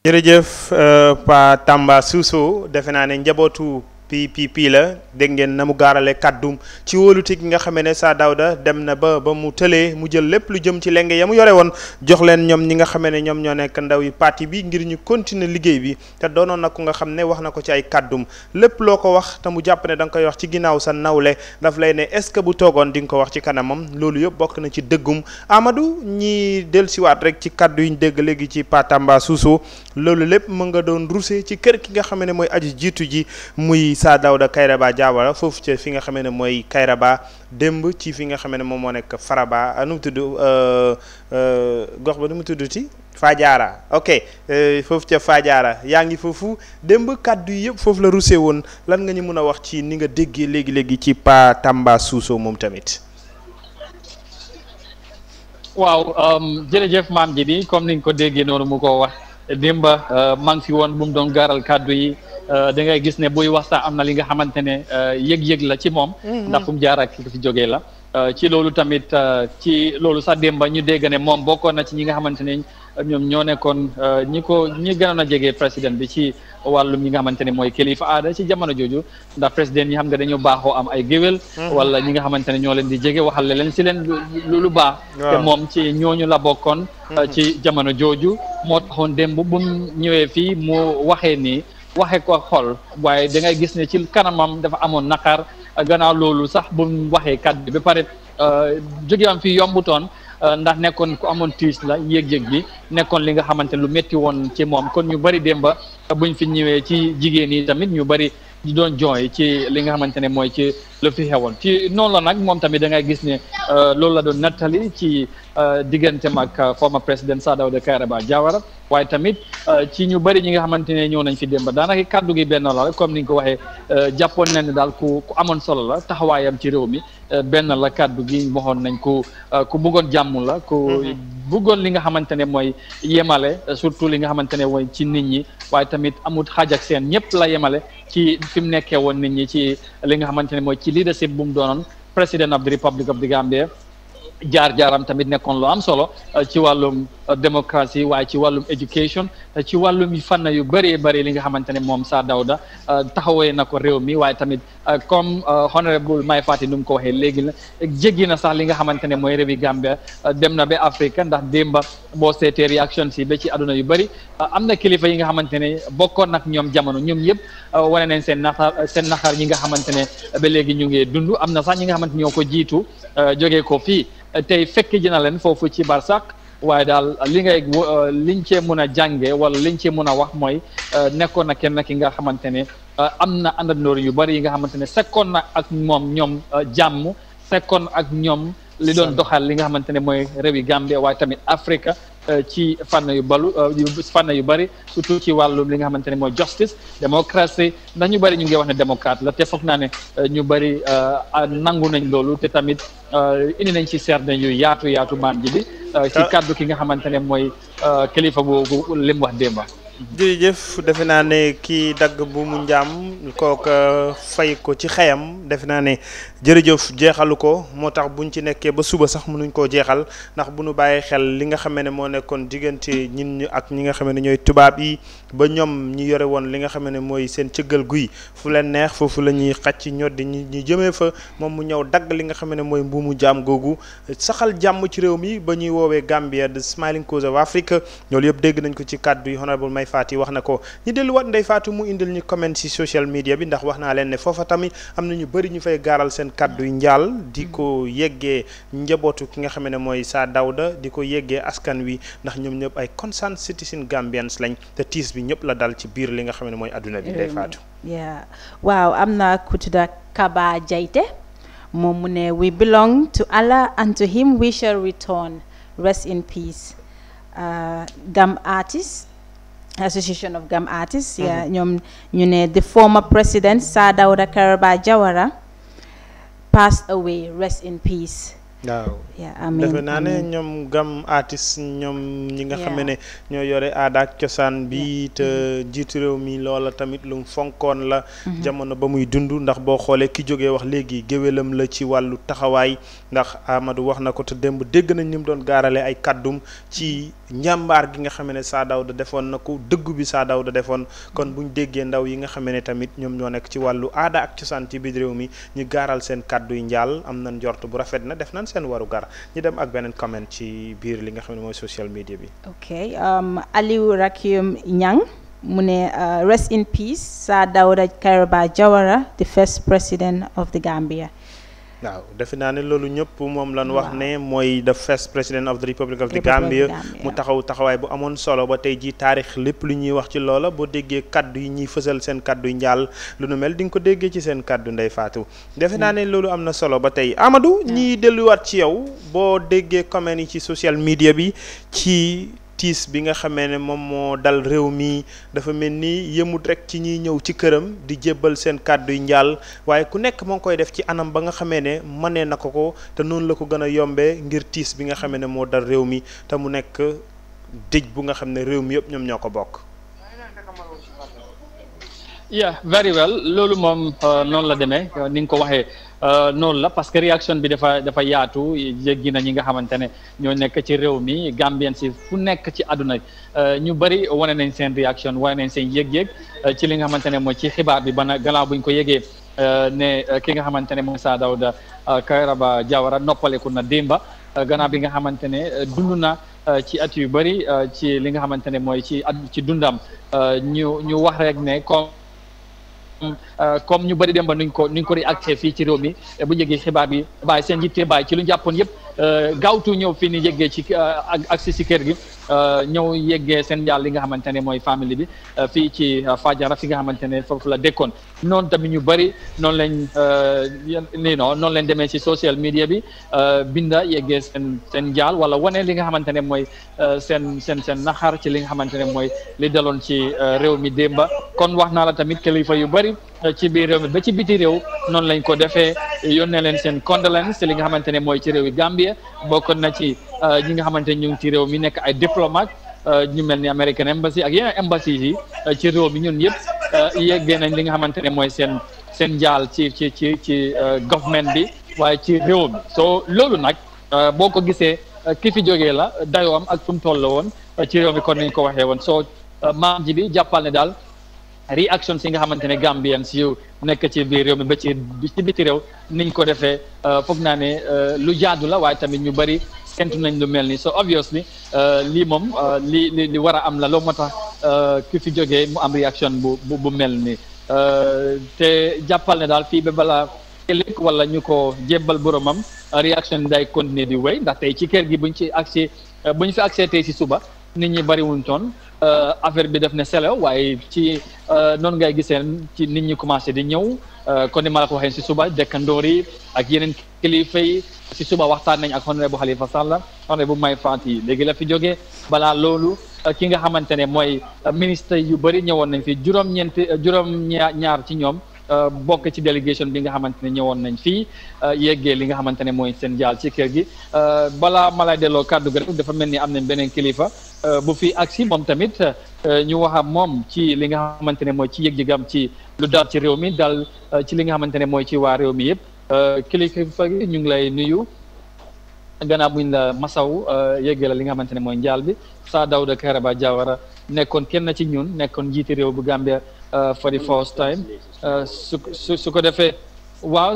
jërëjëf eh, pa tamba suso defe ne njabootu PPP la dégg ngeen na mu gaarale kàddum ci wóolute gi nga xamee ne Sa Daouda dem na ba ba mu tëlee mu jël lépp lu jëm ci lenge ya mu yore woon jox leen ñoom ñi nga xamee ne ñoom ñoo nekk ndaw yi parti bi ngir ñu continuer liggéey bi te doonoon na ko nga xam ne wax na ko ci ay kàddum lépp loo ko wax te mu jàpp ne da nga koy wax ci ginnaaw sa nawle daf lay ne est-ce que bu toogoon di nga ko wax ci kanamam loolu yëpp bokk na ci dëggum Amadou ñi dellusiwaat rek ci kàddu yi dégg léegi ci Patamba Suusu ci kër ki nga xam ne mooy aji jiitu ji Issa Daouda Kayraba Diawara foofu ca fi nga xamee ne mooy Kayraba démb ci fi nga xame ne moom moo nekk Faraba euh, nu mu tudd euh, euh, gox ba nu mu tudd ci Fadiara ok foofu ca Fadiara yaa ngi foofu démb kàddu yi yëpp foofu la rusee woon lan nga ñu mën a wax ci ni nga déggee léegi léegi ci Pa Tamba Suso moom tamit. waaw jërëjëf maam ji bi comme ni nga ko déggee noonu mu ko wax. Demba euh, maa ngi fi woon bu mu doon gaaral kàddu yi euh, da ngay gis ne buy waxtaan am na li nga xamante ne euh, yëg-yëg la ci moom. Mm-hmm. ndax fu mu jaar ak fi jógee la. ci loolu tamit ci loolu sax Demba ñu dégg ne moom bokkoon na ci ñi nga xamante ne ñoom ñoo nekkoon euh, ñi ko ñi gënoon a jege président bi ci wàllum ñi nga xamante ne mooy kilifa aada ci jamono jooju ndax président ñi xam nga dañoo baaxoo am ay géwél mhm. wala ñi nga xamante ne ñoo leen di jege waxal leen si leen lu baax te moom ci ñooñu la bokkoon euh, mhm. ci jamono jooju moo taxoon démb bu ñëwee fii mu waxee nii waxee ko xool waaye da ngay gis ne ci kanamam dafa amoon naqar gannaaw loolu sax bu mu waxee kàddu bi ba pare euh, jóge am fii yombutoon Euh, ndax nekkoon ku amoon tiis la yëg-yëg bi nekkoon li nga xamante lu métti woon ci moom kon ñu bari démba buñ fi ñëwee ci jigéen yi tamit ñu bari di doon yi ci li nga xamante ne mooy ci lu fi xewoon ci noonu la nag moom tamit da ngay gis ne euh, loolu la doon nattali ci Euh, diggante mag euh, former président Sir Dawda Kairaba Jawara waaye tamit euh, ci ñu bari ñi nga xamante ne ñëw nañ fi démb daanaka kàddu gi benn la rek comme ni nga ko waxee jàppoon nañ ne daal ku ku amoon solo la taxawaayam ci réew mi benn la kàddu gi waxoon nañ ku ku bëggoon jàmm la ku mm-hmm. bëggoon li nga xamante ne mooy yemale surtout li nga xamante ne mooy ci nit ñi waaye tamit amut xaaj ak seen ñëpp la yemale ci fi mu nekkee woon nit ñi ci li nga xamante ne mooy ci leadership bu mu doonoon président of the Republic of jaar-jaaram tamit nekkoon lu am solo euh, ci wàllum euh, démocratie waaye ci wàllum éducation euh, ci wàllum fànn yu bëree bari li nga xamante ne moom saa Dawda taxawee na ko réew mi waaye tamit comme honorable Mai Fatty nu mu ko waxee léegi la jéggi na sax li nga xamante ne mooy réewi Gambia dem na ba Afrique ndax démba boo seetee réaction si ba ci aduna yu bëri am na kilifa yi nga xamante ne bokkoon nag ñoom jamono ñoom yëpp wane nañ seen naxar seen naxar ñi nga xamante ne ba léegi ñu ngi dund am na sax ñi nga xamante ñoo ko jiitu jógee ko fii tey fekk ji na leen foofu ci barsak waaye daal li ngay liñ cee mën a jànge wala liñ cee mën a wax mooy euh, nekkoon na kenn ki nga xamante ne euh, am na àndandoor yu bari yi nga xamante ne sekkoon na ak moom ñoom euh, jàmm sekkoon ak ñoom li doon doxal li nga xamante ne mooy réewi Gambie tamit Afrique Euh, ci fànn yu balu euh, fànn yu bëri surtout ci wàllum li nga xamante ne mooy justice démocratie ndax ñu bari ñu ngi wax ne démocrate la te foog naa ne euh, ñu bëri nangu nañ loolu te tamit indi nañ ci certain yu yaatu yaatu maan ji bi ci kàddu ki nga xamante ne mooy kilifa boobu lim wax démba jërëjëf defe naa ne kii dagg bu mu njaam kook fay ko ci xayam defe naa ne jërëjëf jeexalu ko moo tax buñ ci nekkee ba suba sax mënuñ koo jeexal ndax bu nu bàyyi xel li nga xamee ne moo nekkoon diggante ñin ñu ak ñi nga xamee ne ñooy tubaab yi ba ñoom ñi yore woon li nga xam ne mooy seen cëggal guy fu leen neex foofu la ñuy xàcc ñoddi ñi ñu jëmee fa moom mu ñëw dagg li nga xame ne mooy mbuumu jaam googu saxal jàmm ci réew mi ba ñuy woowee Gambia the smiling coast of Africa loolu yëpp dégg nañ ko ci kàddu yi may faat yi wax na ko ñu wat Ndeye faatu mu indil ñu comment ci social media bi ndax wax naa leen ne foofa tamit am na ñu bëri ñu fay gaaral seen kàddu yu njaal di ko yeggee njabootu ki nga xam ne mooy Sir Dawda di ko yeggee askan wi ndax ñoom ñëpp ay concerned citizen Gambians lañ te bi ñëpp la dal ci biir li nga bi. day faatu yeah wow am na ku tudda Kaba Jaite moom mu ne we belong to Allah and to him we shall return rest in peace uh, Gam artists Association of Gam Artists. yeah mhm. ñu ne the former president Sir Karaba Jawara passed away rest in peace. waaw defe naa ne ñoom gam artiste ñoom ñi nga xam ne ñoo yore aada ak cosaan bi te mm-hmm. jiitu réew mi loola tamit lu mu fonkoon la mm-hmm. jamono ba muy dund ndax boo xoolee ki jógee wax léegi géwélam la ci wàllu taxawaay ndax Amadou wax na ko te démb dégg nañ ni mu doon gaarale ay kàddum ci njàmbaar gi nga xam ne Saa Daawda defoon na ko dëggu bi Saa Daawda defoon kon buñ déggee ndaw yi nga xam ne tamit ñoom ñoo nekk ci wàllu aada ak cosaan ci biir réew mi ñu gaaral seen kàddu yi njaal am nañ njort bu rafet na def nañ seen waru gar ñu dem ak beneen comment ci biir li nga xam ne mooy social media bi. ok um, Aliou Rakim mu ne uh, rest in peace daw Dawda Kairaba Jawara the first president of the Gambia waaw defe naa ne loolu ñëpp moom lan wax ne mooy the first president of the Republic of the Gambia mu taxaw taxawaay bu amoon solo ba tey ji taarix lépp lu ñuy wax ci loola boo déggee kàddu yi ñuy fësal seen kaddu yi njaal lu nu mel di nga ko déggee ci seen kàddu ndey Fatou defe naa ne loolu am na solo ba tey Amadou ñiy delluwaat ci yow boo déggee comment yi ci social media bi ci tiis bi nga xamee ne moom moo dal réew mii dafa mel ni yëmut rek ci ñuy ñëw ci këram di jébbal seen kàddu yu njaal waaye ku nekk moo ngi koy def ci anam ba nga xamee ne mënee na ko ko te noonu la ko gën a yombee ngir tiis bi nga xamee ne moo dal réew mi te mu nekk dëj bu nga xam ne réew mi yëpp ñoom ñoo ko bokk. yeah loolu moom euh, noonu la demee euh, ni nga ko waxee euh, noonu la parce que réaction bi dafa dafa yaatu jéggi na ñi nga xamante ne ñoo nekk ci réew mi Gambien si fu nekk ci àdduna ñu bëri wane nañ seen réaction wane nañ seen yëg-yëg ci li nga xamante ne mooy ci xibaar bi bana gannaaw buñ ko yëgee ne ki nga xamante ne mooy Sir Dawda Kairaba Jawara noppaleku na démba gannaaw bi nga xamante ne dund na ci at yu bëri ci li nga xamante ne mooy ci at ci dundam ñu wax rek ne Euh, comme ñu bari dem ba nuñ ko ñu ko réacté fii ci réew mi eh, bu njëgee xibaar bi bàyyi seen yitte bàyyi ci lu ñu jàppoon yëpp euh, gaawtu ñëw fii ni yëggee ci euh, ak si si kër gi Euh, ñëw yeggee seen njaal li nga xamante ne mooy famille bi euh, fii ci euh, Fajara fi nga xamante ne foofu la dekkoon noonu tamit ñu bëri noonu lañ nii non noonu lañ demee ci social media bi binda yeggee seen seen njaal wala wane li nga xamante ne mooy seen seen seen naxar ci li nga xamante ne mooy li daloon ci réew mi demba kon wax naa la tamit kilifa yu bëri ci biir réew mi ba ci biti réew noonu lañ ko defee yónnee leen seen condoléances ci li nga xamante ne mooy ci réew yi Gambie bokkoon na ci Euh, ñi nga xamante ñu ngi ci réew mi nekk ay diplomate euh, ñu mel ni American embassy ak yeneen embassy yi euh, ci réew mi ñun yëpp yeggee nañ li nga xamante ne mooy seen seen njaal ci ci ci ci government bi waaye ci réew mi soo loolu nag boo ko gisee ki fi jógee la dayoom ak fu mu toll woon ci réew mi kon nañ ko waxee woon soo maam ji bi jàppal ne daal réaction si nga xamante ne Gambien si yow nekk ci biir réew mi ba ci ci biti réew niñ ko defee euh, foog naa ne euh, lu jaadu la waaye tamit ñu bëri sentu nañ lu mel ni so obviously euh, lii moom li li li war a am la loo moo tax ki fi jóge mu am réaction bu mel ni te jàppal ne daal fii ba bala ëllëg wala ñu ko jébbal boromam réaction day continuer di way ndax tey ci kër gi buñ ci agsi buñ fi agsee tey si suba nit ñi bariwuñ toon euh, affaire bi def ne selo waaye ci euh, noonu ngay gisee ci nit ñi commencé di ñëw kon euh, ni ma la ko waxee si suba dëkkandoor yi ak yeneen kilifa yi si suba waxtaan nañ ak honorable bu Halifa Sallah honorable bu may Mai yi léegi la fi jógee balaa loolu ki nga xamante ne mooy ministre yu bëri ñëwoon nañ fi juróom-ñeent juróom-ñaar ci ñoom. Eh, bokk ci delegation bi nga xamante ne nañ fii eh, yeggee li nga xamante ne mooy seen ci kër gi eh, balaa ma lay delloo kàddu dafa mel am nañ beneen kilifa bu fi agsi moom tamit ñu wax ak moom ci li nga xamante ne mooy ci yëg-yëgam ci lu daal ci réew mi daal ci li nga xamante ne mooy ci waa réew mi yëpp kilifa gi ñu ngi lay nuyu gannaaw buñ la masaw yeggee la li nga bi saa Dawda Kairaba Jawara nekkoon kenn ci ñun nekkoon njiiti réew bu Gambia Uh, for the first time. Uh, suka su, su, su defe waaw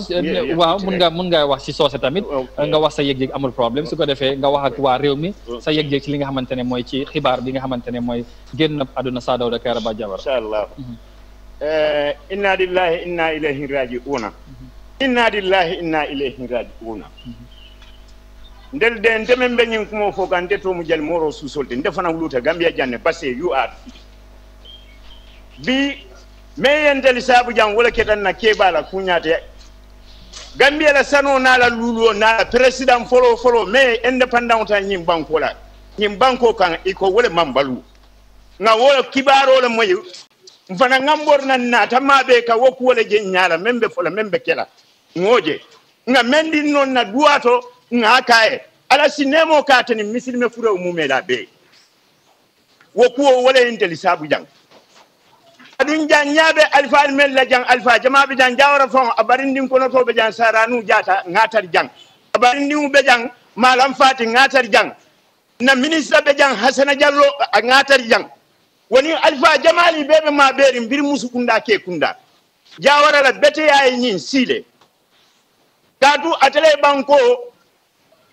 waaw mun nga mun nga wax si soose tamit oh, nga wax sa yëg-yëg amul problème su ko defee nga wax ak waa réew mi sa yëg-yëg ci li nga xamante ne ci xibaar bi nga xamante ne mooy génn àdduna Sir Dawda Kairaba Jawara incha allah mhm. eh, inna lillahi inna ilayhi raji'una mhm. inna lillahi inna ilayhi raji'una mhm. ndel de ndemen be ñin kumo foga nde to mu jal moro susolde nde fana wuluta gambia janne basse you are bi me meyenteli saabu jam wala ketan na keɓala kuñate gambia la sano nala lulo nala président folo folo me independent ta nyim banko la nyim banko kan iko wala mambalu na wala kibaro la moyu mfana ngambor na na tamabe ka woku wala je nyala membe fola membe kela ngoje nga mendi non na duato nga kae ala sinemo me fura umume la be wokuo wala enteli saabu jang adun jan yaɓe alfa la jan alfa be jan jawra fon a to be jan saranu jata ngatar jan a be jan malam fati ngatar jan na minister be jan hasana jallo a jan woni alfa jamali be ma ɓeeri bir musu kunda ke kunda jawara la bete yayi e nyin sile katu atele banko.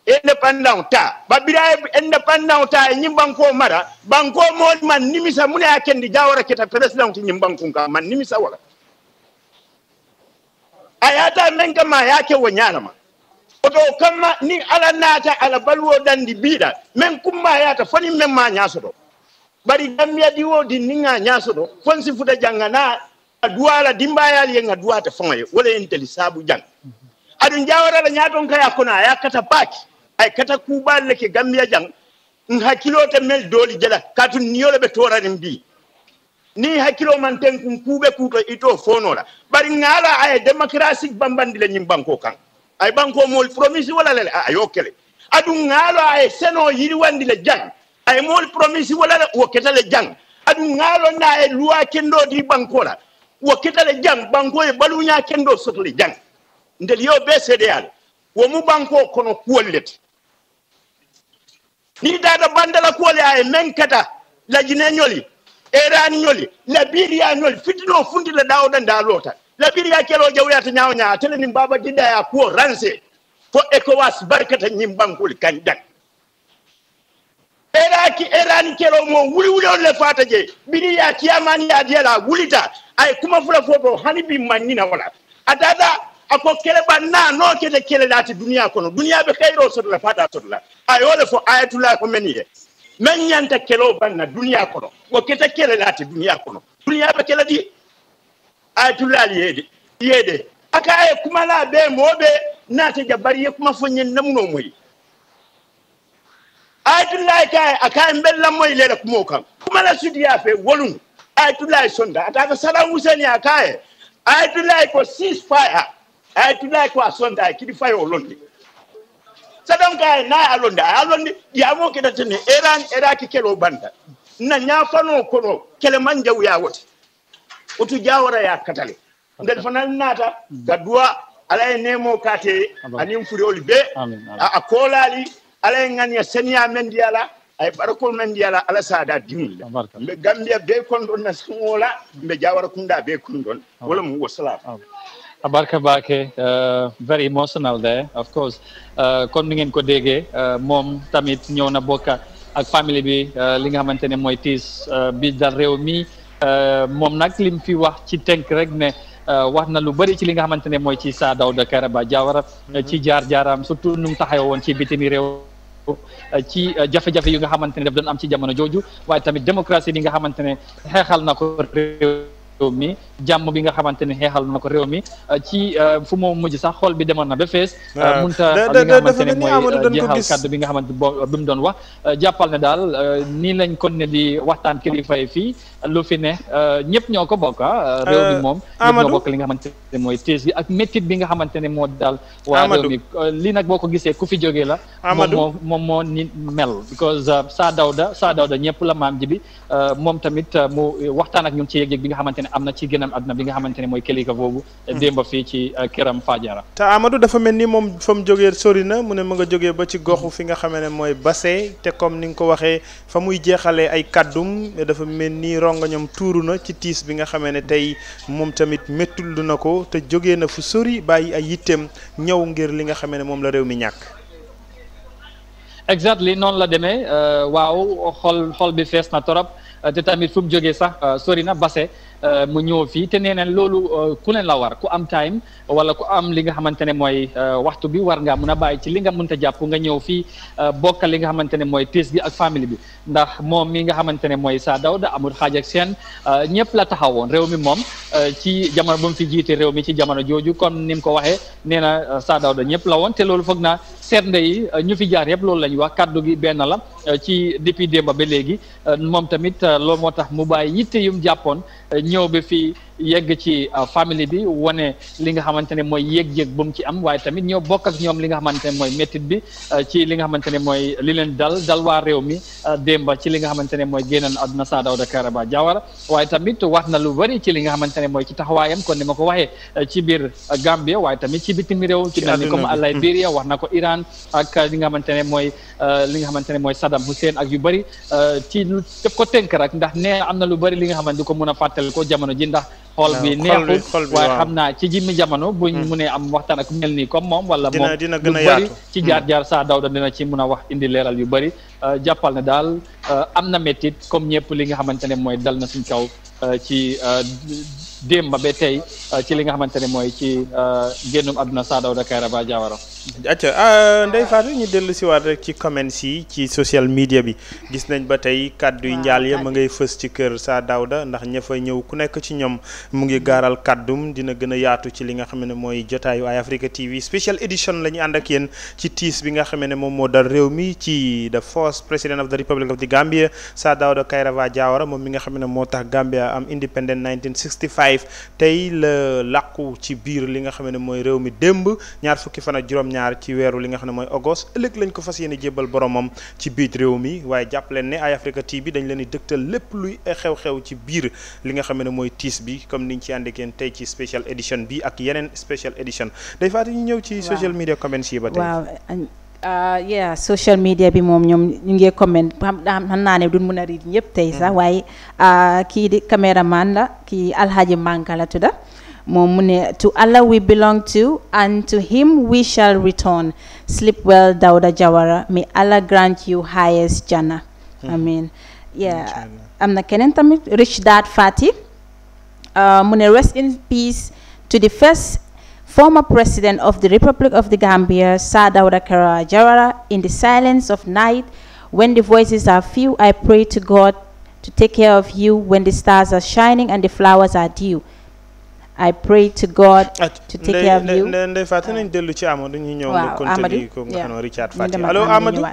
independanta babira independanta e- nyimbanko mara banko mol man nimisa muna yakendi jawara kita president nyimbanko ka man nimisa wala ayata men kama yake wanyana ma oto kama ni ala nata ala balwo dandi bida men kumma yata fani men ma nyasodo bari damya diwo di ninga nyasodo fonsi futa jangana duwala dimbayal yenga duwata fonye wala enteli sabu jang adun jawara la nyaton kaya kuna yakata paki hay kata kuɓal leke gambiya jang n te mel dooli jela katu niyole be toranin mbi ni hakkilo man ten kun kuuɓe kuuto ito fonola bari ŋaala aye démocratique bambandi le ñin banko kan ay banko mool promisi wala lele ayo kele adu ŋaalo aye seno yiriwandi le jang ay mool promisi wala le wo keta le jang adu ŋaalo na aye luwa kendo di banko la wo keta le jang banko ye baluña kendo soto le jang ndel yo be seedeyale wo mu banko kono kuwol lete ni data bandala kuole ay menkata la jinenyoli eraninyoli labiriyañoli fitino fundila dawɗa ndalota labiriya kelo jawyata ñawña tele ni mbaba ya kuwo ranse fo ecowas barkata ñimbankuli kañɗan eraki erani kelo mo wuli wuli on le fata je biri ya kiyamani ya diela wulita ay kuma fula fo bo hani bi wala adada ako kele banna no kete kele lati duniya kono duniya be khayro sotola fata sotola ay wala fo ayatullah ko meniye men ñanta kelo banna duniya kono ko kete kele lati duniya kono duniya be kele di ayatullah yede yede aka ay kuma la be mobe nati jabari ye kuma fo ñen namuno moy ayatullah kay aka mbella moy le kuma kan kumala la fe wolun ayatullah e sonda ata sala musani akaye ayatullah e ko ceasefire tulaye ko a sonda kiɗi fayi o londi saɗon ka e nayi alonde a alonde ƴiyamo keɗatene erani eraki kelo banda na ñafano kono kele man jaw yawote otu jawara ya katale nden fana naata ka duwa ala ye nemo kate anin furioli be a kolali ala e ganiya seniya men ndi ala ay ɓarakol men ndi ala ala saada dimilla mbe gambiya be kon ɗon na sangola mbe jawara kunda be kon ɗon wala mo wo salam Abarka Baake uh, very emotional there of course uh, kon ni ngeen ko déggee uh, moom tamit ñëw na bokka ak famille bi li nga xamante ne mooy tiis bi dal réew mi moom nag lim fi wax ci tenk rek ne wax na lu bëri ci li nga xamante ne mooy ci Sir Dawda Kairaba Jawara ci mhm. jaar-jaaraam surtout nu mu taxaw woon ci bitimi réew ci jafe-jafe yu nga xamante ne daf am ci jamono jooju waaye tamit démocratie yi nga xamante ne xeexal na ko réew réew mi jàmm bi nga xamante ni xeexal na ko réew mi euh, ci euh, fu mu mujj sax xol bi demoon na ba fees euh, ah. munta li nga xamante ne mooy jeexal kaddu bi nga xamante bo bi mu doon wax jàppal ne daal nii lañ kon ne di waxtaan kilifa yi fii lu fi ne ñëpp ñoo ko bokk ah, réew mi moom li nga xamante ne mooy tiis bi ak métit bi nga xamante ne moo daal waa réew mi lii nag ku fi jógee la moom moo moom moo ni mel because saa dawda saa dawda ñëpp la maam ji moom tamit waxtaan ak ñun ci yëg-yëg bi nga xamante am na ci gënam àdduna bi nga xamante ne mooy kilifa boobu. Hmm. démb fii ci euh, këram Fajara. te Amadou dafa mel ni moom fa mu jógee sori na mu ne mu nga jógee ba ci goxu fi nga xamee ne mooy Basse te comme ni nga ko waxee fa muy jeexalee ay kaddum dafa mel nii rongañam tuuru na ci tiis bi nga xamee ne tey moom tamit méttul na ko te jóge na fu sori bàyyi ay yitteem ñëw ngir li nga xamee ne moom la réew mi ñàkk. exactly noonu la demee euh, waaw xool xol bi fees na torop tamit fu jógee sax euh, sori na Basse Euh, mu ñëw fii te nee neen loolu euh, ku leen la war ku am time wala ku am li nga xamante ne mooy euh, waxtu bi war nga mun a bàyyi ci li nga mënta jàpp nga ñëw fii bokka li nga xamante ne mooy tiis bi ak famille bi ndax moom mi nga xamante ne mooy Sir Dawda amul xaaj ak seen ñëpp la taxawoon réew mi moom ci jamono ba mu fi jiite réew mi ci jamono jooju kon ni mu ko waxee nee na Sir Dawda ñëpp la woon te loolu foog naa seet ndey ñu fi jaar yëpp loolu la ñuy wax kàddu gi benn la ci depuis démb ba léegi moom tamit loolu moo tax mu bàyyi yitte jàppoon ñëw bi fii yegg ci euh, famille bi wane li nga xamante ne mooy yéeg-yéeg bu mu ci am waaye tamit ñoo bokk ak ñoom li nga xamante ne mooy métit bi euh, ci li nga xamante ne mooy li leen dal dal waa réew mi euh, démba ci li nga xamante ne mooy génnoon àdduna Sir Dawda Kairaba Jawara waaye tamit wax na lu bari ci li nga xamante ne mooy ci taxawaayam kon ni ma ko waxee ci biir Gambia waaye tamit ci bitim réew ci mel ni comme mm-hmm. Liberia wax na ko Iran ak li nga xamante ne mooy li nga xamante ne mooy Saddam Hussein ak yu bëri ci def ko tënk rek ndax nee am na lu bari li nga xamante ko mun a fàttali ko jamono ji ndax xool bi neexul waaye xam naa ci jimmi jamono buñ hmm. mu ne am waxtaan ak mel nii comme moom wala moom lu bëri ci jaar-jaar hmm. saa daw da dina ci mën a wax indi leeral yu bëri euh, jàppal ne daal euh, am na méttit comme ñëpp li nga xamante ne mooy dal na suñ kaw euh, ci démb ba tey euh, ci li nga xamante ne mooy ci euh, génnum àdduna Sir Dawda Kairaba Jawara. acca euh, Ndeye Fatou ñu dellu si ci comments yi ci social media bi gis nañ ba tey kaddu yu njaal ya ma ngay fës ci kër Sir Dawda ndax ña fa ñëw ku nekk ci ñoom mu ngi gaaral kaddum dina gën a yaatu ci li nga xam ne mooy jotaayu Eye Africa TV special edition la ñu ànd ak yéen ci tiis nga xam ne moom moo dal réew mi ci the first president of the Republic of the Gambia Sir Dawda Kairaba moom mi nga xam ne moo tax Gambia am independent Taïf tey la làqu ci biir li nga xam ne mooy réew mi démb ñaar fukki fan ak juróom-ñaar ci weeru li nga xam ne mooy ogos ëllëg lañ ko fas yéene jébbal boromam ci biir réew mi waaye jàpp leen ne Eye Africa TV dañ leen di dëgtal lépp luy xew-xew ci biir li nga xam ne mooy tiis bi comme niñ ci àndikeen tey ci special edition bi ak yeneen special edition day faati ñu ñëw ci social media comments yi ba tey Uh, yeah social media bi moom ñoom ñu ngi comment xam naa ne duñ mën a riit ñëpp tey sax mm. waaye uh, kii di caméraman la kii Alhaji Manka la tudda moom mu ne to Allah we belong to and to him we shall return sleep well Dawda Jawara may Allah grant you highest jannah hmm. am na keneen tamit Rich Dad Fati uh, mu ne rest in peace to the first former president of the Republic of the Gambia, Sadauda Kara Jawara, in the silence of night, when the voices are few, I pray to God to take care of you when the stars are shining and the flowers are due. I pray to God to take care of you. Ndeye Fatou nañ dellu ci Amadou ñu ñëw nga continue ko nga xam ne Richard Fatou allo Amadou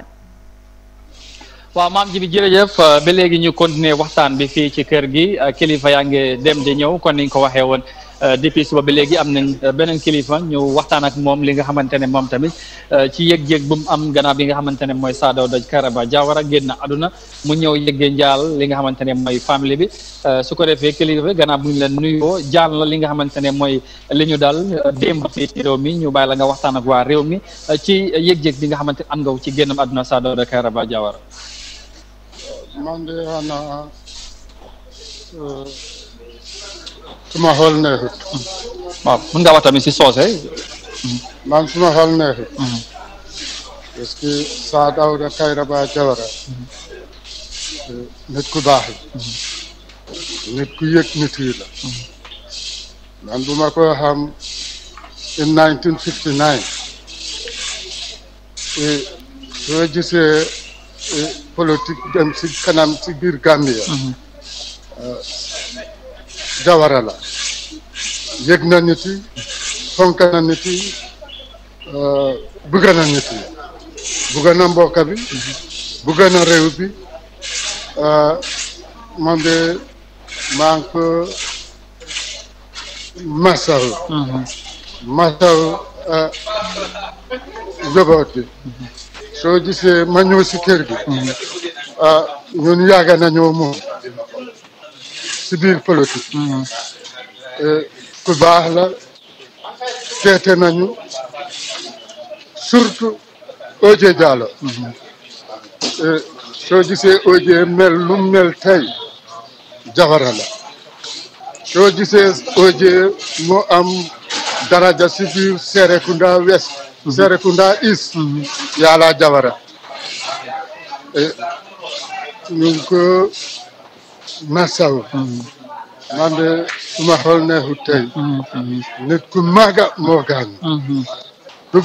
waaw maam ji bi jërëjëf euh, ba léegi ñu continuer waxtaan bi fii ci kër gi euh, kilifa yaa ngi dem di ñëw kon niñ ko waxee woon Euh, depuis suba bi léegi am nañ euh, beneen kilifa ñu waxtaan ak moom li nga xamante ne moom tamit euh, ci yëg-yëg bu am gannaaw bi nga xamante ne mooy Saa Dawda Kairaba Jawara génn àdduna mu ñëw yëggee njaal li nga xamante ne mooy famille bi su ko defee kilifa gannaaw bu ñu leen nuyoo jaal la li nga xamante ne mooy li ñu dal démb fii ci réew mi ñu bàyyi la nga waxtaan ak waa réew mi ci yëg-yëg bi nga xamante am nga ci génn àdduna Saa Dawda Kairaba Jawara. man suma xool neexut. waaw mun ngaa wax tamit si soose. man suma xool neexut. Mm-hmm. parce que saa daw na kayra ba jalara nit ku baax yi. Mm-hmm. ku yëg nit yi la. Mm-hmm. man bu ma ko xam in 1959. Eh, soo gisee eh, politique dem si kanam si biir Gambia. Eh, Jawara la yëg na nit yi fonk na nit yi bëgg na nit yi bëgg na mbokk bi na réew bi euh, man de maa ngi mhm. euh, mhm. soo gisee ma ñëw si kër gi mhm. ah, ñun yàgg nañoo si biir politique ku baax la seete nañu surtout Oje Diallo soo gisee Oje mel lu mel tey jabara la soo gisee Oje moo am daraja si biir Serekunda West Serekunda East yàlla jabara eh, ñu masaw man de suma xool nit ku màgga moo gaañ du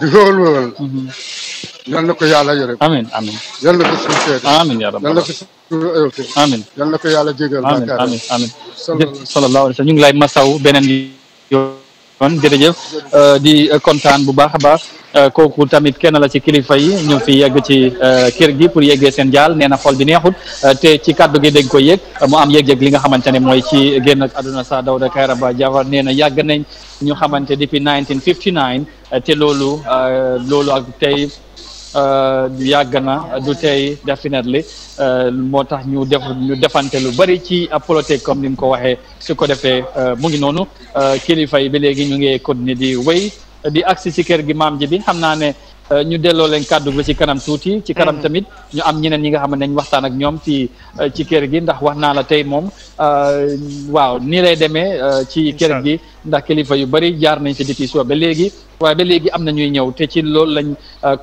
di xool wool ko yàlla yore amiin amiin yal na ko suñu seede amiin yaa ko suñu ayoote amiin yal na ko yàlla jégal bàkkaar amiin amiin sallallahu alayhi wa sallam ñu ngi lay masaw beneen yoon uh, di uh, kontaan bu baax a baax Euh, kooku tamit kenn la ci kilifa yi ñu fi yegg ci euh, kër gi pour yeggee seen jaal nee na xol bi neexut euh, te ci kaddu gi dañ ko yëg mu am yëg-yëg li nga xamante ne mooy ci génn àdduna sa Dawda Kayraba Jawar nee na yàgg nañ ñu xamante depuis 1959 te loolu loolu ak tey yàgg na du tey definitely moo tax ñu def ñu defante lu bëri ci politique comme ni mu ko waxee su ko defee mu ngi noonu kilifa yi ba léegi ñu ngi continuer di wéy di agsi ci kër gi maam ji bi xam naa ne euh, ñu delloo leen kàddu ba ci kanam tuuti ci kanam mm. tamit ñu am ñeneen yi nga xam ne waxtaan ak ñoom ci euh, ci kër gi ndax wax naa la tey moom euh, waaw nii lay demee ci kër gi ndax kilifa yu bari jaar nañ ci depuis suba ba léegi waaye ba léegi am na ñuy ñëw te ci loolu lañ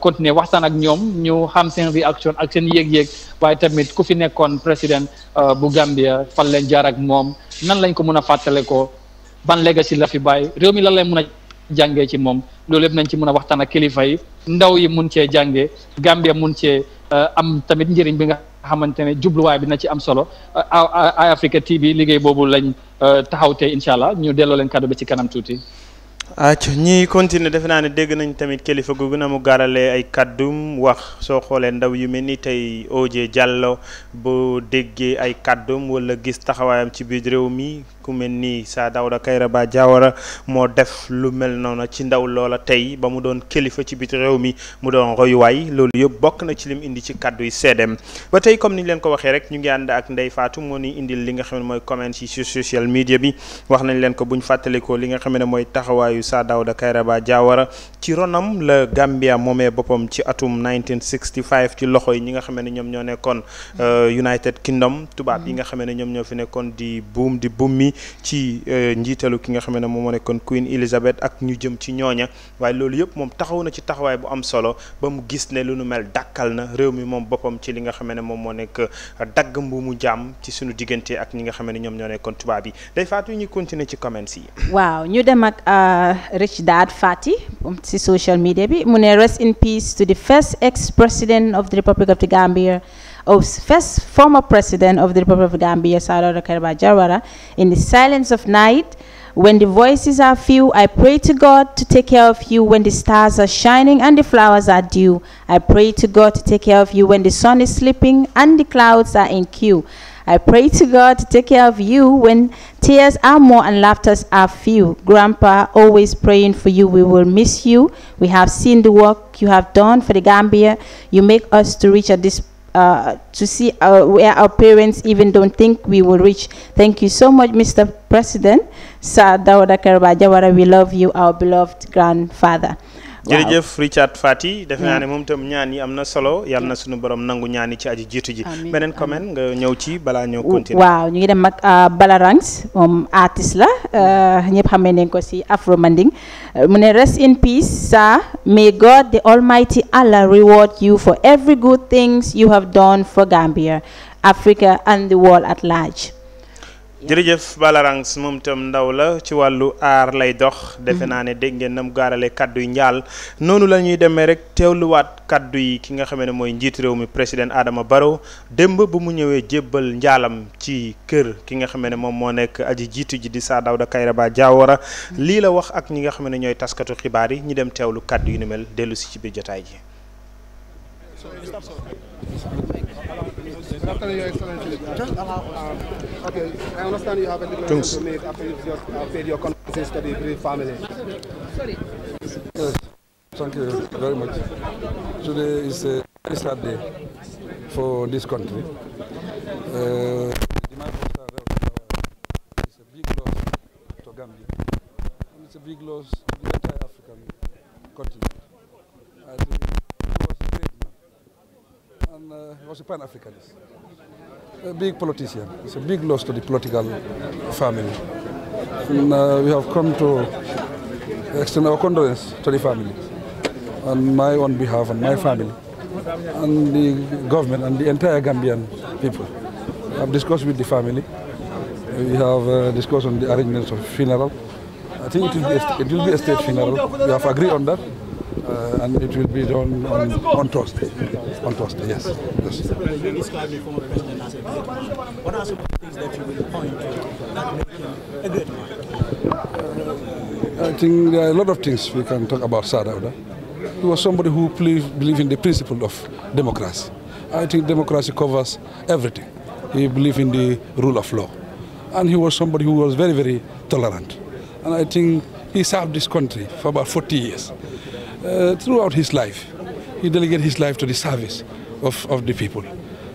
continuer waxtaan ak ñoom ñu xam seen réaction ak seen yéeg-yéeg waaye tamit ku fi nekkoon président bu Gambia fan leen jaar ak moom nan lañ ko mën a fàttale ko ban legacy la fi bàyyi réew mi lan lay a jànge ci moom loolu yëpp nañ ci mën a waxtaan ak kilifay ndaw yi mun cee jàngee Gambia mun cee uh, am tamit njëriñ bi nga xamante ne jubluwaay bi na ci am solo Eye uh, Africa TV liggéey boobu lañ uh, taxawtee incha allah ñu delloo leen kàddu bi ci kanam tuuti. ac ñiy continuer defe naa ne dégg nañ tamit kilifa googu na mu gaaralee ay kàddum wax soo xoolee ndaw yu mel ni tey Oje Diallo bu déggee ay kàddum wala gis taxawaayam ci biir réew mi ku mel ni Sir Dawda Kairaba Jawara moo def lu mel noonu ci ndaw loola tey ba mu doon kilifa ci biir réew mi mu doon royuwaay loolu yëpp bokk na ci lim indi ci kàddu yi seedeem ba tey comme ni ñu leen ko waxee rek ñu ngi ànd ak Ndeye faatu moo ni indil li nga xam ne mooy comments yi sur social media bi li nga xam ne Moussa Daouda Kairaba Diawara ci ronam la Gambia moomee boppam ci atum 1965 ci loxo yi ñi nga xam ne ñoom ñoo nekkoon euh, United Kingdom tubaab yi nga xam ne ñoom ñoo fi nekkoon di buum di bummi ci euh, njiitalu ki nga xam ne moom moo nekkoon Queen Elizabeth ak ñu jëm ci ñooña waaye loolu yëpp moom taxaw na ci taxawaay bu am solo ba mu gis ne lu nu mel dàkkal na réew mi moom boppam ci li nga xam ne moom moo nekk euh, dagg mbuumu mu jàmm ci suñu diggante ak ñi nga xam ne ñoom ñoo nekkoon tubaab yi day faatu ñu continuer ci commence yi waaw ñu dem ak Uh, Rich Dad Fatty ci um, social media bi mu rest in peace to the first ex-president of the Republic of the Gambia of oh, first former president of the Republic of the Gambia Salvador Kairaba Jawara in the silence of night when the voices are few, I pray to God to take care of you when the stars are shining and the flowers are due. I pray to God to take care of you when the sun is sleeping and the clouds are in queue. I pray to God to take care of you when tears are more and laughters are few. Grandpa, always praying for you. We will miss you. We have seen the work you have done for the Gambia. You make us to reach at this uh, to see uh, where our parents even don't think we will reach. Thank you so much, Mr. President. Sir Dawada Karabajawara, we love you, our beloved grandfather. jërëjëf Richard Fati def naa ne mm. moom itam ñaan yi am na solo yàlla na mm. suñu borom nangu ñaan yi ci aji jiitu ji beneen comment nga ñëw ci balaa ñëw continuer waaw ñu ngi dem ak ah, Balarangs moom artiste la euh, ñëpp xamee nañ ko si Afro Manding euh, mu ne rest in peace sir may God the Almighty Allah reward you for every good things you have done for Gambia Africa and the world at large jërëjëf Balarangs moom itam ndaw la ci wàllu aar lay dox. defe naa ne dégg ngeen na gaarale kàddu yu njaal noonu la ñuy demee rek teewluwaat kàddu yi ki nga xamee ne mooy njiit réew mi président aadama Barrow démb bu mu ñëwee jébbal njaalam ci kër ki nga xamee ne moom moo nekk aji jiitu ji di da Dawda Kairaba Jawara lii la wax ak ñi nga xam ne ñooy taskatu xibaar yi ñu dem teewlu kaddu yu ni mel dellu si ci biir jotaay ji. after your excellency. Just allow us. okay, I understand you have a declaration to make after you've just uh, paid your condolences to the family. Sorry. Yes, thank you very much. Today is a very sad day for this country. Uh, it's a big loss to Gambia. And it's a big loss to the entire African continent. was a Pan-Africanist, a big politician. It's a big loss to the political family. And uh, we have come to extend our condolence to the family, on my own behalf and my family, and the government and the entire Gambian people. I've discussed with the family. We have uh, discussed on the arrangements of funeral. I think it will, be a, will be a state funeral. We have agreed on that, uh, and it will be done on, on Thursday on Thursday, yes. yes. You described former president as a great man. What are some of the things that you will point to that make him a great man? I think there are a lot of things we can talk about Sadauda. He was somebody who believed in the principle of democracy. I think democracy covers everything. He believed in the rule of law. And he was somebody who was very, very tolerant. And I think he served this country for about 40 years. Uh, throughout his life, he dedicated his life to the service of, of the people.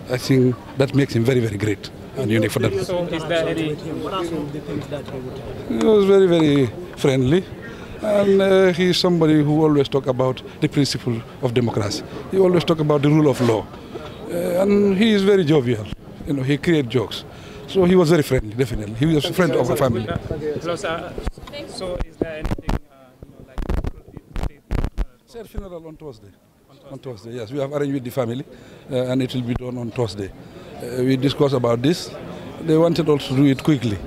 I think that makes him very, very great and unique for them. So is there any... What are some of the things that he would... He was very, very friendly. And uh, he is somebody who always talk about the principle of democracy. He always talk about the rule of law. Uh, and he is very jovial. You know, he create jokes. So he was very friendly, definitely. He was a friend of the family. So is there anything, uh, you know, like... Said funeral on Thursday. On Thursday, yes. We have arranged with the family uh, and it will be done on Thursday. Uh, we discussed about this. They wanted us to do it quickly,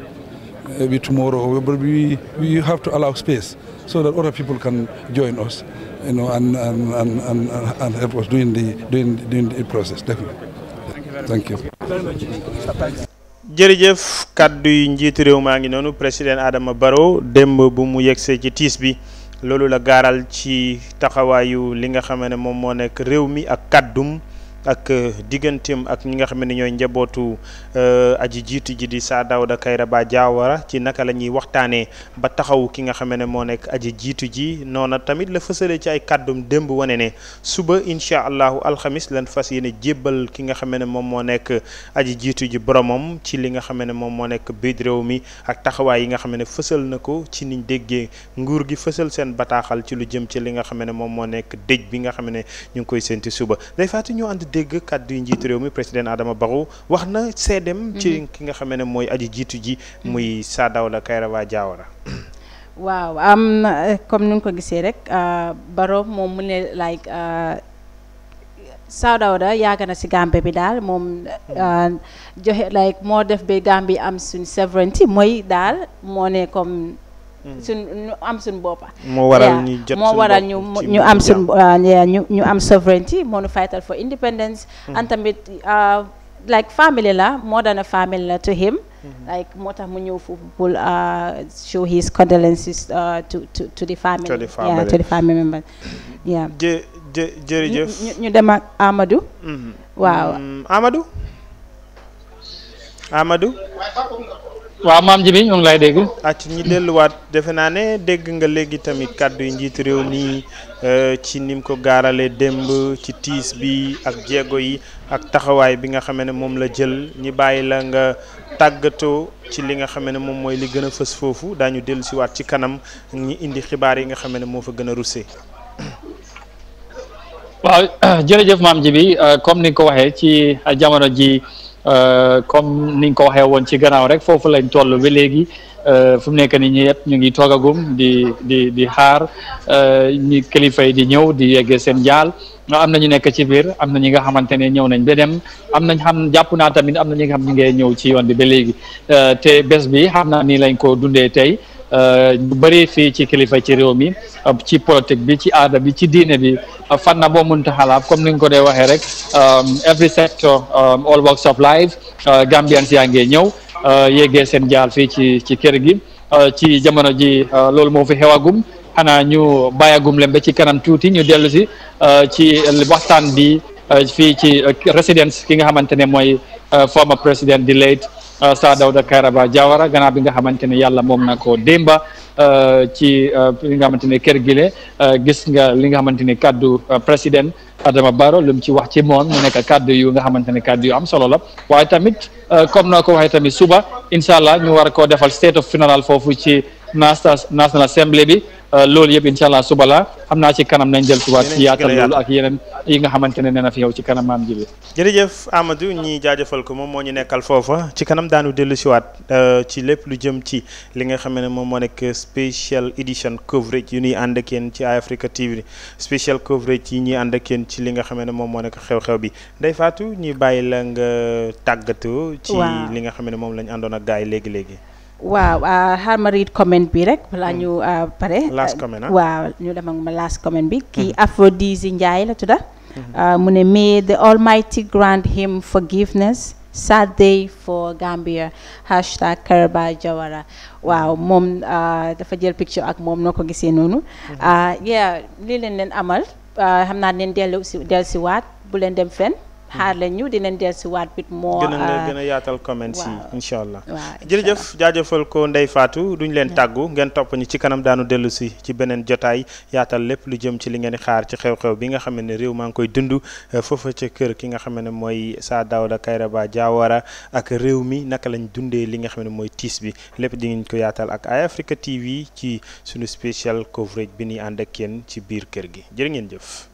uh, maybe tomorrow, but we, we have to allow space so that other people can join us, you know, and, and, and, and, and help us doing the, doing, doing the process, definitely. Thank you. very Thank you. jërëjëf kàddu yi njiitu réew maa ngi noonu président Adama Barrow démb bu mu yegsee ci tiis bi loolu la gaaral ci taxawaayu li nga xam ne moom moo nekk réew mi ak kàddum ak euh, digganteem ak ñi nga xam ne ñooy njabootu euh, aji jiitu ji di Sir Dawda Kairaba Jawara ci naka la ñuy waxtaanee ba taxaw ki nga xam ne moo nekk aji jiitu ji noona tamit la fësale ci ay kàddum démb wane ne suba incha allahu alxamis lan fas yéene jébbal ki nga xam ne moom moo nekk aji jiitu ji boromam ci li nga xam ne moom moo nekk biir réew mi ak taxawaay yi nga xam ne fësal na ko ci niñ déggee nguur gi fësal seen bataaxal ci lu jëm ci li nga xam ne moom moo nekk déj bi nga xam ne ñu ngi koy sénti suba day fàttali ñu ànd dégg kàddu yi njiitu réew mi président Adama Barrow wax na seedem ci mhm. ki nga xam ne mooy aji jiitu ji muy mhm. Sir Dawda Kairaba *clears throat* waaw am na comme ni ko gisee rek euh, Barrow moom mu ne like euh, Sir Dawda yàgg na si Gambie bi daal moom mhm. euh, joxe like moo def ba Gambie am suñ sovereignty mooy daal moo ne comme Hmm. suñ ya, ñu am suñ bopp moo waral ñu jot moo waral ñu ñu am suñ ñu ñu am sovereignty moo nu fightal for independence hmm. and tamit uh, like family la more than a family la to him hmm. like moo tax mu ñëw foofu pour uh, show his condolences uh, to to to the family yeah to the family members yeah jë jë jërëjëf ñu dem ak Amadou Wow. Amadou Amadou waaw maam ji bi ñu ngi lay dégg. acc ñi delluwaat defe naa ne dégg nga léegi tamit kàddu yi njiit réew mi euh, ci nim ko gaarale démb ci tiis bi ak jéego yi ak taxawaay bi nga xame ne moom la jël ñi bàyyi la nga tàggatoo ci li nga xam ne moom mooy li gën a fës foofu daañu dellu siwaat ci kanam ñi indi xibaar yi nga xam ne moo fa gën a russe. waaw *coughs* jërëjëf maam ji bi euh, comme ni ko waxee ci jamono ji. Euh, comme ni nga ko waxee woon ci gannaaw rek foofu lañ tollo ba léegi euh, fu mu nekk nii ñi yëpp ñu ngi toogagum di di di xaar euh, ñi kilifa yi di ñëw di yeggee seen jaal am na ñu nekk ci biir am na ñi nga xamante ne ñëw nañ ba am nañ xam jàpp naa tamit am na ñi nga xam ñu ngi ñëw ci yoon bi ba léegi te bés bi xam naa nii lañ ko dundee tey. ñu euh, bëri fii ci kilifa ci réew mi ci politique bi ci aada bi ci diine bi fan na boo mënta xalaat comme ni nga ko dee waxee rek um, every sector um, all walks of life uh, Gambians yaa ngee ñëw uh, yéegee seen jaar fii ci ci kër gi uh, ci jamono ji loolu moo fi xewagum xanaa ñu bàyyagum le ba ci kanam tuuti ñu dellu si ci waxtaan bi fii ci résidence ki nga xamante ne mooy former président di late Euh, Sir Dawda Kairaba Jawara gannaaw bi nga xamante ne yàlla moom na ko démba euh, ci li euh, nga xamante ne kër gile gis nga li nga xamante ne kàddu président Adama Barrow lu mu ci wax ci moom mu nekk kàddu yu nga xamante ne kàddu yu am solo la waaye tamit comme noo ko waxee tamit suba incha allah ñu war koo defal state of funeral foofu ci. naasta national assemblée bi euh, loolu yëpp incha allah suba la xam naa ci kanam nañ jël tubaab ci yaatal loolu ak yeneen yi nga xamante ne nee na fi yow ci kanam maam jibi jërëjëf Amadou ñi jaajëfal ko moom moo ñu nekkal foofa ci kanam daanu dellu siwaat euh, ci lépp lu jëm ci li nga xam ne moom moo nekk special edition coverage yu ñuy ànd ak yéen ci Africa TV special coverage yi ñuy ànd ak yéen ci li nga xam ne moom moo nekk xew-xew bi Ndeye faatu ñuy bàyyi la nga tàggatoo ci li nga xam ne moom lañ àndoon ak gars yi léegi-léegi waaw ah, xaar ma read comment bi rek balaa mm. ñu ah, pare. last comment ah? waaw ma last comment bi. kii mm. Aphrodisi Ndiaye la tudda mm-hmm. mu ne may the Almighty grant him forgiveness. sad day for Gambia hashtag Karaba Jawara waaw moom dafa jël picture ak moom noo ko gisee noonu. Mm-hmm. yeah lii leen leen amal xam naa leen dellu si waat bu leen dem fen xaar leen ñu dinañ dellusiwaat bit moo. gën a euh, gën yaatal comments yi incha allah. jërëjëf jaajëfal ko ndey faatu duñ leen tàggu ngeen toppañu ci kanam daanu dellu si ci beneen jotaay yaatal lépp lu jëm ci li ngeen di xaar ci xew-xew bi nga xam ne réew maa ngi koy dund euh, foofa ca kër ki nga xam ne mooy Sir Dawda Kairaba Jawara ak réew mi naka lañ dundee li nga xam ne mooy tiis bi lépp di ngeen ko yaatal ak Eye Africa TV ci sunu spécial coverage bi ñuy ànd ak ci biir kër gi jërë ngeen jëf.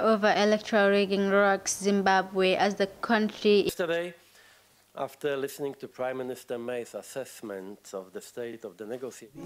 over electoral rigging rocks Zimbabwe as the country. Yesterday, after listening to Prime Minister May's assessment of the state of the negotiation.